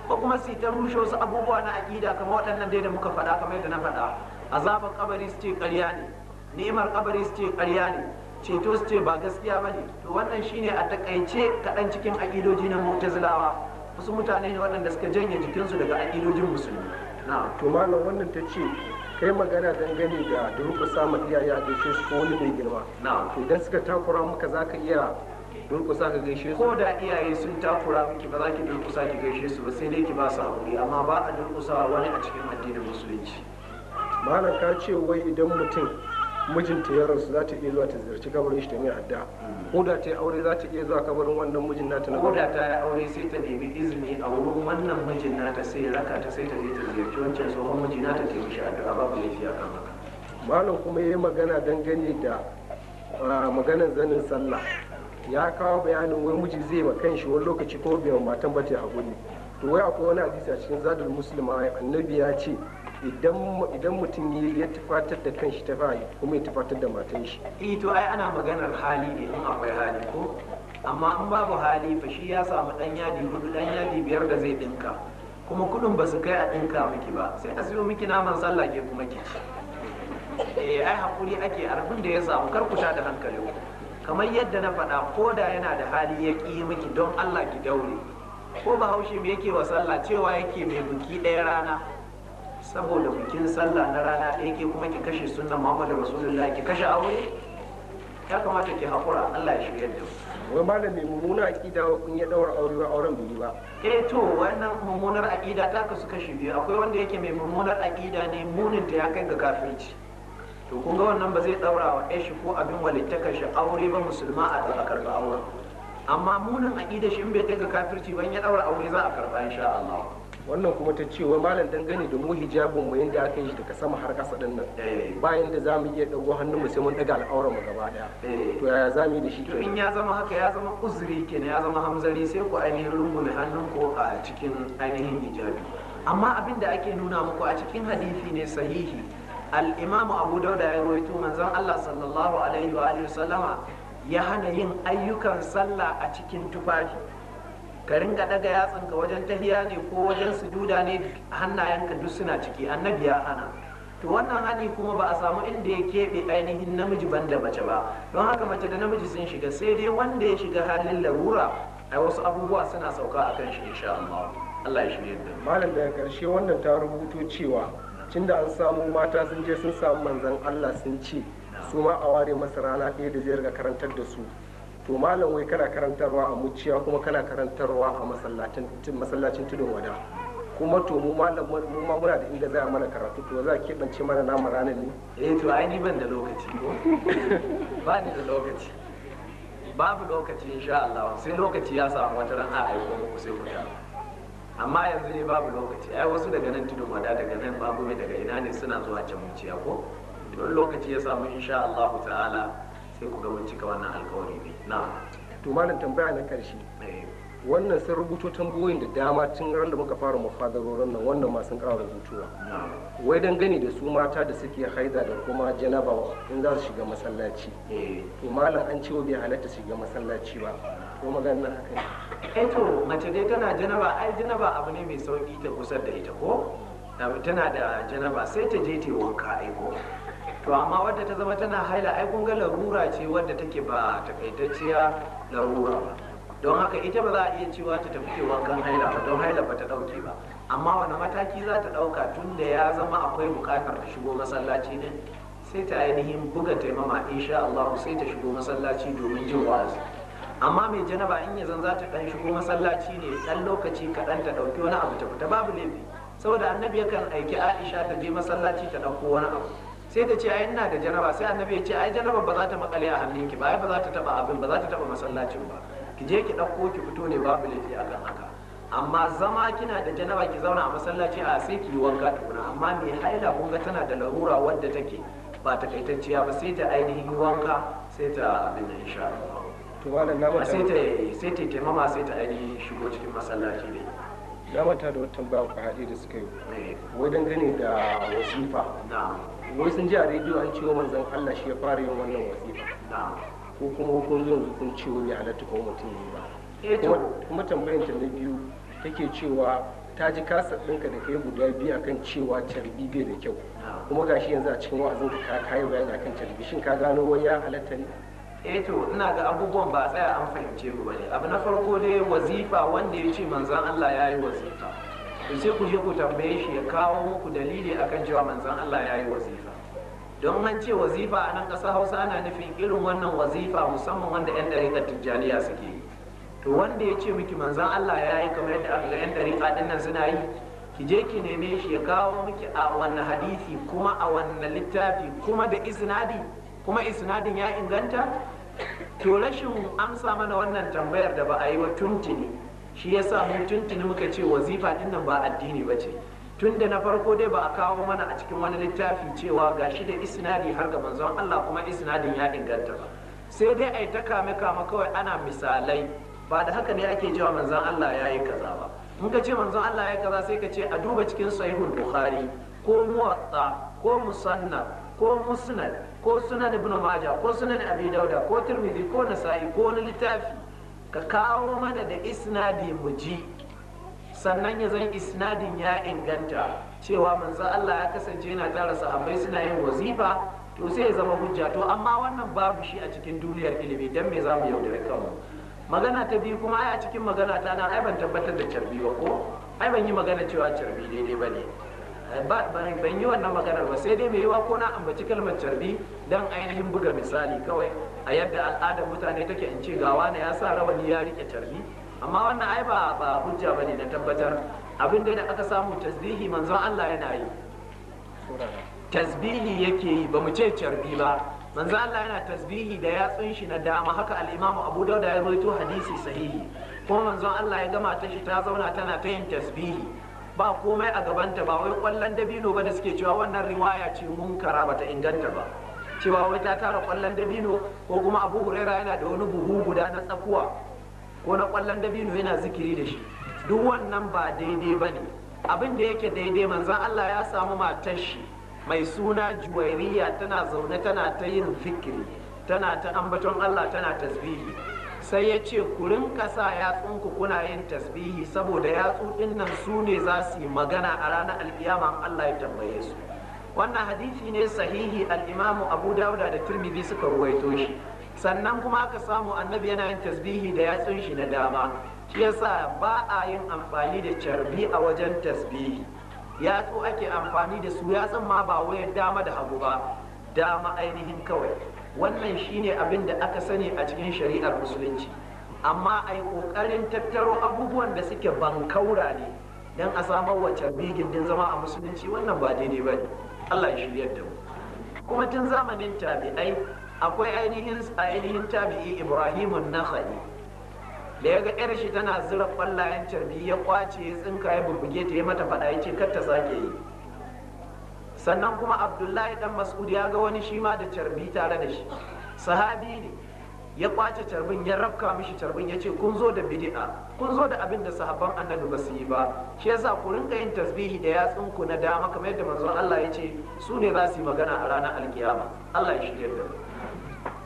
ko kuma su ta rushe wasu abubuwa na aƙida kamar waɗannan dai da muka faɗa kamar yadda na faɗa azabar kabari su ce ƙarya ne ni'imar kabari su ce ƙarya ne ceto su ce ba gaskiya ba ne to wannan shine a takaice kaɗan cikin aƙidoji na mu'tazilawa wasu mutane ne waɗanda suka janye jikinsu daga aƙidojin musulmi to malam wannan ta ce kai magana dangane da durƙusa ma iyaye a gaishe su ko wani mai girma to idan suka takura maka za ka iya durƙusa ka gaishe su ko da iyaye sun takura miki ba za ki durƙusa ki gaishe su ba sai dai ki ba su haƙuri amma ba a sa wani a cikin addinin musulunci malam ka ce wai idan mutum mijinta ya rasu za ta iya zuwa ta ziyarci kabarin shi ta mai hadda ko da ta yi aure za ta iya zuwa kabarin wannan mijin nata na ko da ta yi aure sai ta nemi izini a wurin wannan mijin nata sai raka ta sai ta je ta ziyarci wancan tsohon mijin nata ta yi mishi addu'a babu laifi a kan haka malam kuma ya yi magana dangane da ah, maganar zanin sallah ya kawo bayanin wai miji zai ma kanshi wani lokaci ko bai matan ba ta yi haƙuri to wai akwai wani hadisi a cikin zadar musulma annabi ya ce idan mutum ya tufatar da shi ta bayi kuma ya tufatar da matan shi eh to ai ana maganar hali ne in akwai hali ko amma in babu hali fa shi ya samu dan yadi hudu dan yadi biyar da zai dinka kuma kudin ba su kai a dinka miki ba sai a siyo miki naman sallah ke kuma ki eh ai hakuri ake arbin da ya samu kar ku da hankali kamar yadda na faɗa ko da yana da hali ya maki miki don Allah ki daure ko bahaushe me yake wa sallah cewa yake mai buki ɗaya rana saboda bikin sallah na rana ɗaya ke kuma ki kashe sunan muhammadu rasulullah ki kashe aure ya kamata ki haƙura allah ya shirya da wai ba da mai mummuna aƙida in ya ɗaura aure ba auren biyu ba eh to wannan mummunar aƙida ta kasu kashe biyu akwai wanda yake mai mummunar aƙida ne munin ta ya kai ga kafirci to kun ga wannan ba zai daura wa shi ko abin ta shi aure ba musulma a ɗaga karɓa auren amma munin aƙida shi in bai kai ga kafirci ban ya ɗaura aure za a karɓa insha Allah wannan kuma ta ce wai malam dangane da mu hijabin mu yadda aka yi shi daga sama har kasa din nan eh. bayan da za mu iya dago hannun mu sai mun daga al'auran mu gaba daya eh. to yaya za mu yi da shi to in ya zama haka ya zama uzuri kenan ya zama hamzari sai ku ainihin rungume hannun ku a cikin ainihin hijabi amma abin da ake nuna muku a cikin hadisi ne sahihi al-imam abu dauda ya rawaito manzon Allah sallallahu alaihi wa alihi ya hana yin ayyukan sallah a cikin tufafi ka ringa daga ka wajen tahiya ne ko wajen sujuda ne hannayenka duk suna ciki annabi ya hana to wannan hali kuma ba a samu inda ya keɓe ainihin namiji ban da mace ba don haka mace da namiji sun shiga sai dai wanda ya shiga halin larura a wasu abubuwa suna sauka a kan shi insha Allah Allah ya shirye da malam daga karshe wannan ta rubuto cewa da an samu mata sun je sun samu manzon Allah sun ce su ma a ware masa rana ɗaya da zai riga karantar da su to malam wai kana karantarwa a muciya kuma kana karantarwa a masallacin tudun wada kuma to mu malam mu ma muna da inda za a mana karatu to za a keɓance mana na maranin ne eh to ai ni ban da lokaci ko ba ni da lokaci babu lokaci insha Allah sai lokaci ya samu wata ran a aiko muku sai ku amma yanzu ne babu lokaci ai wasu daga nan tudun wada daga nan babu mai daga ina ne suna zuwa can muciya ko Don lokaci ya samu insha Allah ta'ala sai ku gaban cika wannan alkawari ne na to malam tambaya na karshe eh. wannan sun rubuto tambayoyin da dama tun ran da muka fara mafadarorin nan wannan ma sun ƙara rubutuwa wai dangane da su mata da suke haida da kuma janaba in za su shiga masallaci eh. to malam an ce bai halatta shiga masallaci ba ko maganin haka eh to mace dai tana janaba ai janaba abu ne mai sauki ta kusa da ita ko tana da janaba sai ta je ta wanka aiko to amma wadda ta zama tana haila ai kun ga larura ce wadda take ba takaitacciya larura ba don haka ita ba za a iya cewa ta tafi wankan haila ba don haila ba ta dauke ba amma wani mataki za ta dauka tun da ya zama akwai bukatar ta shigo masallaci ne sai ta ainihin buga taimama insha Allah sai ta shigo masallaci domin jin wa'azi amma mai janaba in ya zan za ta dan shigo masallaci ne dan lokaci kaɗan ta dauki wani abu ta fita babu laifi saboda annabi yakan aiki Aisha ta je masallaci ta dauko wani abu sai ta ce ai ina da janaba sai annabi ya ce ai janaban ba za ta makale a hannunki ba ai ba za ta taba abin ba za ta taba masallacin ba ki je ki ɗauko ki fito ne babu laifi akan haka amma zama kina da janaba ki zauna a masallaci a sai ki yi wanka tukuna amma me haila kun ga tana da larura wadda take ba takaitacciya ba sai ta ainihin wanka sai ta abin da insha Allah sai ta sai ta taimama sai ta ainihin shigo cikin masallaci ne na mata da wata ba ku hadi da suka yi eh. wai dangane da wasifa wai sun ji a rediyo an ciwo manzan Allah shi ya fara yin wannan wasiƙa ko kuma hukun zuwa kun ciwo mai halatta mutum ne ba eh kuma tambayin ta na biyu take cewa ta ji kasa ɗinka da kai guda biyu akan cewa carbi bai da kyau kuma gashi yanzu a cikin wa'azin ka kayi bayani akan carbi shin ka gano wai ya halatta ne eh ina ga abubuwan ba a tsaya an fahimce ba bane abu na farko dai wazifa wanda ya ce manzan Allah ya yi wazifa to sai ku je ku tambaye shi ya kawo muku dalili akan cewa manzon Allah ya yi wazifa don an ce wazifa a nan ƙasa hausa ana nufin irin wannan wazifa musamman wanda 'yan ɗariƙar tijjaniya suke yi to wanda ya ce miki manzan Allah ya yi kamar yadda aka ga 'yan ɗariƙa ɗin nan suna yi ki je ki neme shi ya kawo miki a wannan hadisi kuma a wannan littafi kuma da isnadi kuma isnadin ya inganta to rashin amsa mana wannan tambayar da ba a yi wa tuntuni shi yasa mu tuntuni muka ce wazifa din nan ba addini ba ce tun da na farko dai ba a kawo mana a cikin wani littafi cewa ga shi da isnadi har ga manzon Allah kuma isnadin ya inganta ba sai dai ai ta kame kama kawai ana misalai ba da haka ne ake cewa manzon Allah ya yi kaza ba in ka ce manzon Allah ya yi kaza sai ka ce a duba cikin sahihul bukhari ko muwatta ko musanna ko musnad ko sunan ibn majah ko sunan abi dauda ko tirmidhi ko nasa'i ko wani littafi ka kawo mana da isnadi mu ji sannan ya zan isnadin ya inganta cewa manzo Allah ya kasance yana tara sahabbai suna yin wazifa to sai ya zama hujja to amma wannan babu shi a cikin duniyar ilimi dan me zamu yaudare kanmu magana ta biyu kuma ai a cikin magana ta na ai ban tabbatar da carbi ba ko ai ban yi magana cewa carbi daidai ba ne ban yi wannan maganar ba sai dai mai yiwa ko na ambaci kalmar carbi dan ainihin buga misali kawai a yadda al'adar mutane take in ce gawa na ya sa rawani ya rike tarbi amma wannan ai ba ba hujja bane na tabbatar abin da aka samu tasbihi manzon Allah yana yi tasbihi yake yi ba mu ce carbi ba manzo Allah yana tasbihi da yatsun shi na dama haka al-Imam Abu Dawud ya rawaito hadisi sahihi kuma manzo Allah ya gama ta shi ta zauna tana ta yin tasbihi ba komai a gabanta ba wai kwallon dabino ba da suke cewa wannan riwaya ce munkara ta inganta ba cewa wai ta tara kwallon dabino ko kuma abu huraira yana da wani buhu guda na tsakuwa ko na kwallon dabino yana zikiri da shi duk wannan ba daidai ba ne abin da yake daidai manzan allah ya samu matar shi mai suna juwairiya tana zaune tana ta yin fikiri tana ta ambaton allah tana tasbihi sai ya ce ku kasa ya tsunku kuna yin tasbihi saboda yatsu nan su ne za su yi magana a ranar alkiyama allah ya tambaye su wannan hadisi ne sahihi al imamu abu dauda da turmizi suka ruwaito shi sannan kuma aka samu annabi yana yin tasbihi da yatsun shi na dama shi yasa ba a yin amfani da carbi a wajen tasbihi yatsu ake amfani da su yatsun ma ba wayar dama da hagu ba dama ainihin kawai wannan shine abin da aka sani a cikin shari'ar musulunci amma a yi ƙoƙarin tattaro abubuwan da suke bankaura ne don a samar wa carbi din zama a musulunci wannan ba daidai ba ne Allah ya shiryar da kuma tun zamanin tabi'ai akwai ainihin ainihin tabi'i Ibrahim Nakhai da ya ga yar shi tana zura ƙwallayen carbi ya kwace ya tsinka ya burbuge ta ya mata faɗa ya ce kar ta sake yi sannan kuma Abdullahi dan Mas'ud ya ga wani shi ma da carbi tare da shi sahabi ne ya kwace carbin ya rafka mishi carbin ya ce kun zo da bid'a kun zo da abin da sahabban annabi ba su yi ba shi yasa ku rinka yin tasbihi da yatsun ku na dama kamar yadda manzo Allah ya ce su ne za su yi magana a ranar alkiyama Allah ya shirya da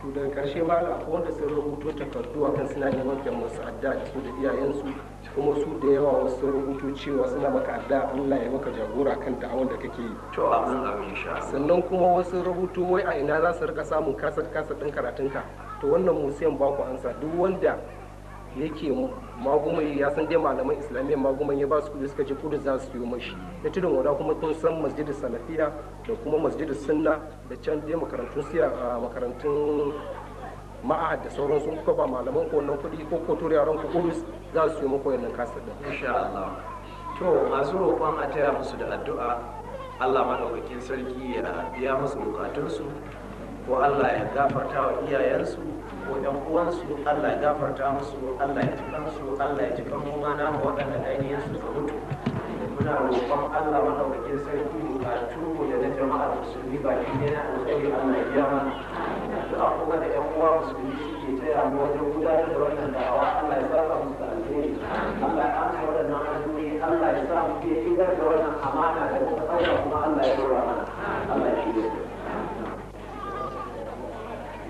to daga karshe malam akwai wanda sun rubuto takardu akan suna neman da masu adda su da iyayensu kuma su da yawa wasu sun rubuto cewa suna maka adda Allah ya maka jagora kan da'awar da kake yi to amin amin insha sannan kuma wasu rubuto wai a ina za su rika samun kasar kasar din karatunka to wannan musayan ba ku ansa duk wanda yake magumai ya san dai malaman islamiyya magumai ya ba su kudu suka ce kudu za su yi mashi na tudun wada kuma kun san masjid salafiya da kuma masjid sunna da can dai makarantun siya makarantun ma'ahad da sauransu kuka ba malaman ko wannan kuɗi ko kotor yaran ku kudu za su yi mako yannan kasar din insha Allah to masu roƙon a taya musu da addu'a Allah madaukakin sarki ya biya musu bukatunsu ko Allah ya gafarta wa iyayensu ko ɗan uwansu Allah ya gafarta musu Allah ya tukan su Allah ya tukan mu ma namu waɗanda ainihin su ka mutu muna roƙon Allah madaukakin sarki bukatu da na jama'ar musulmi ki ne na alƙawari Allah ya biya mana da abubuwa da ƴan uwa musulmi suke taya mu wajen gudanar da wannan da'awa Allah ya saka musu da alheri Allah ya amsa waɗannan alheri Allah ya sa mu ke idar da wannan amana da kuma kuma Allah ya dora mana Allah ya shirya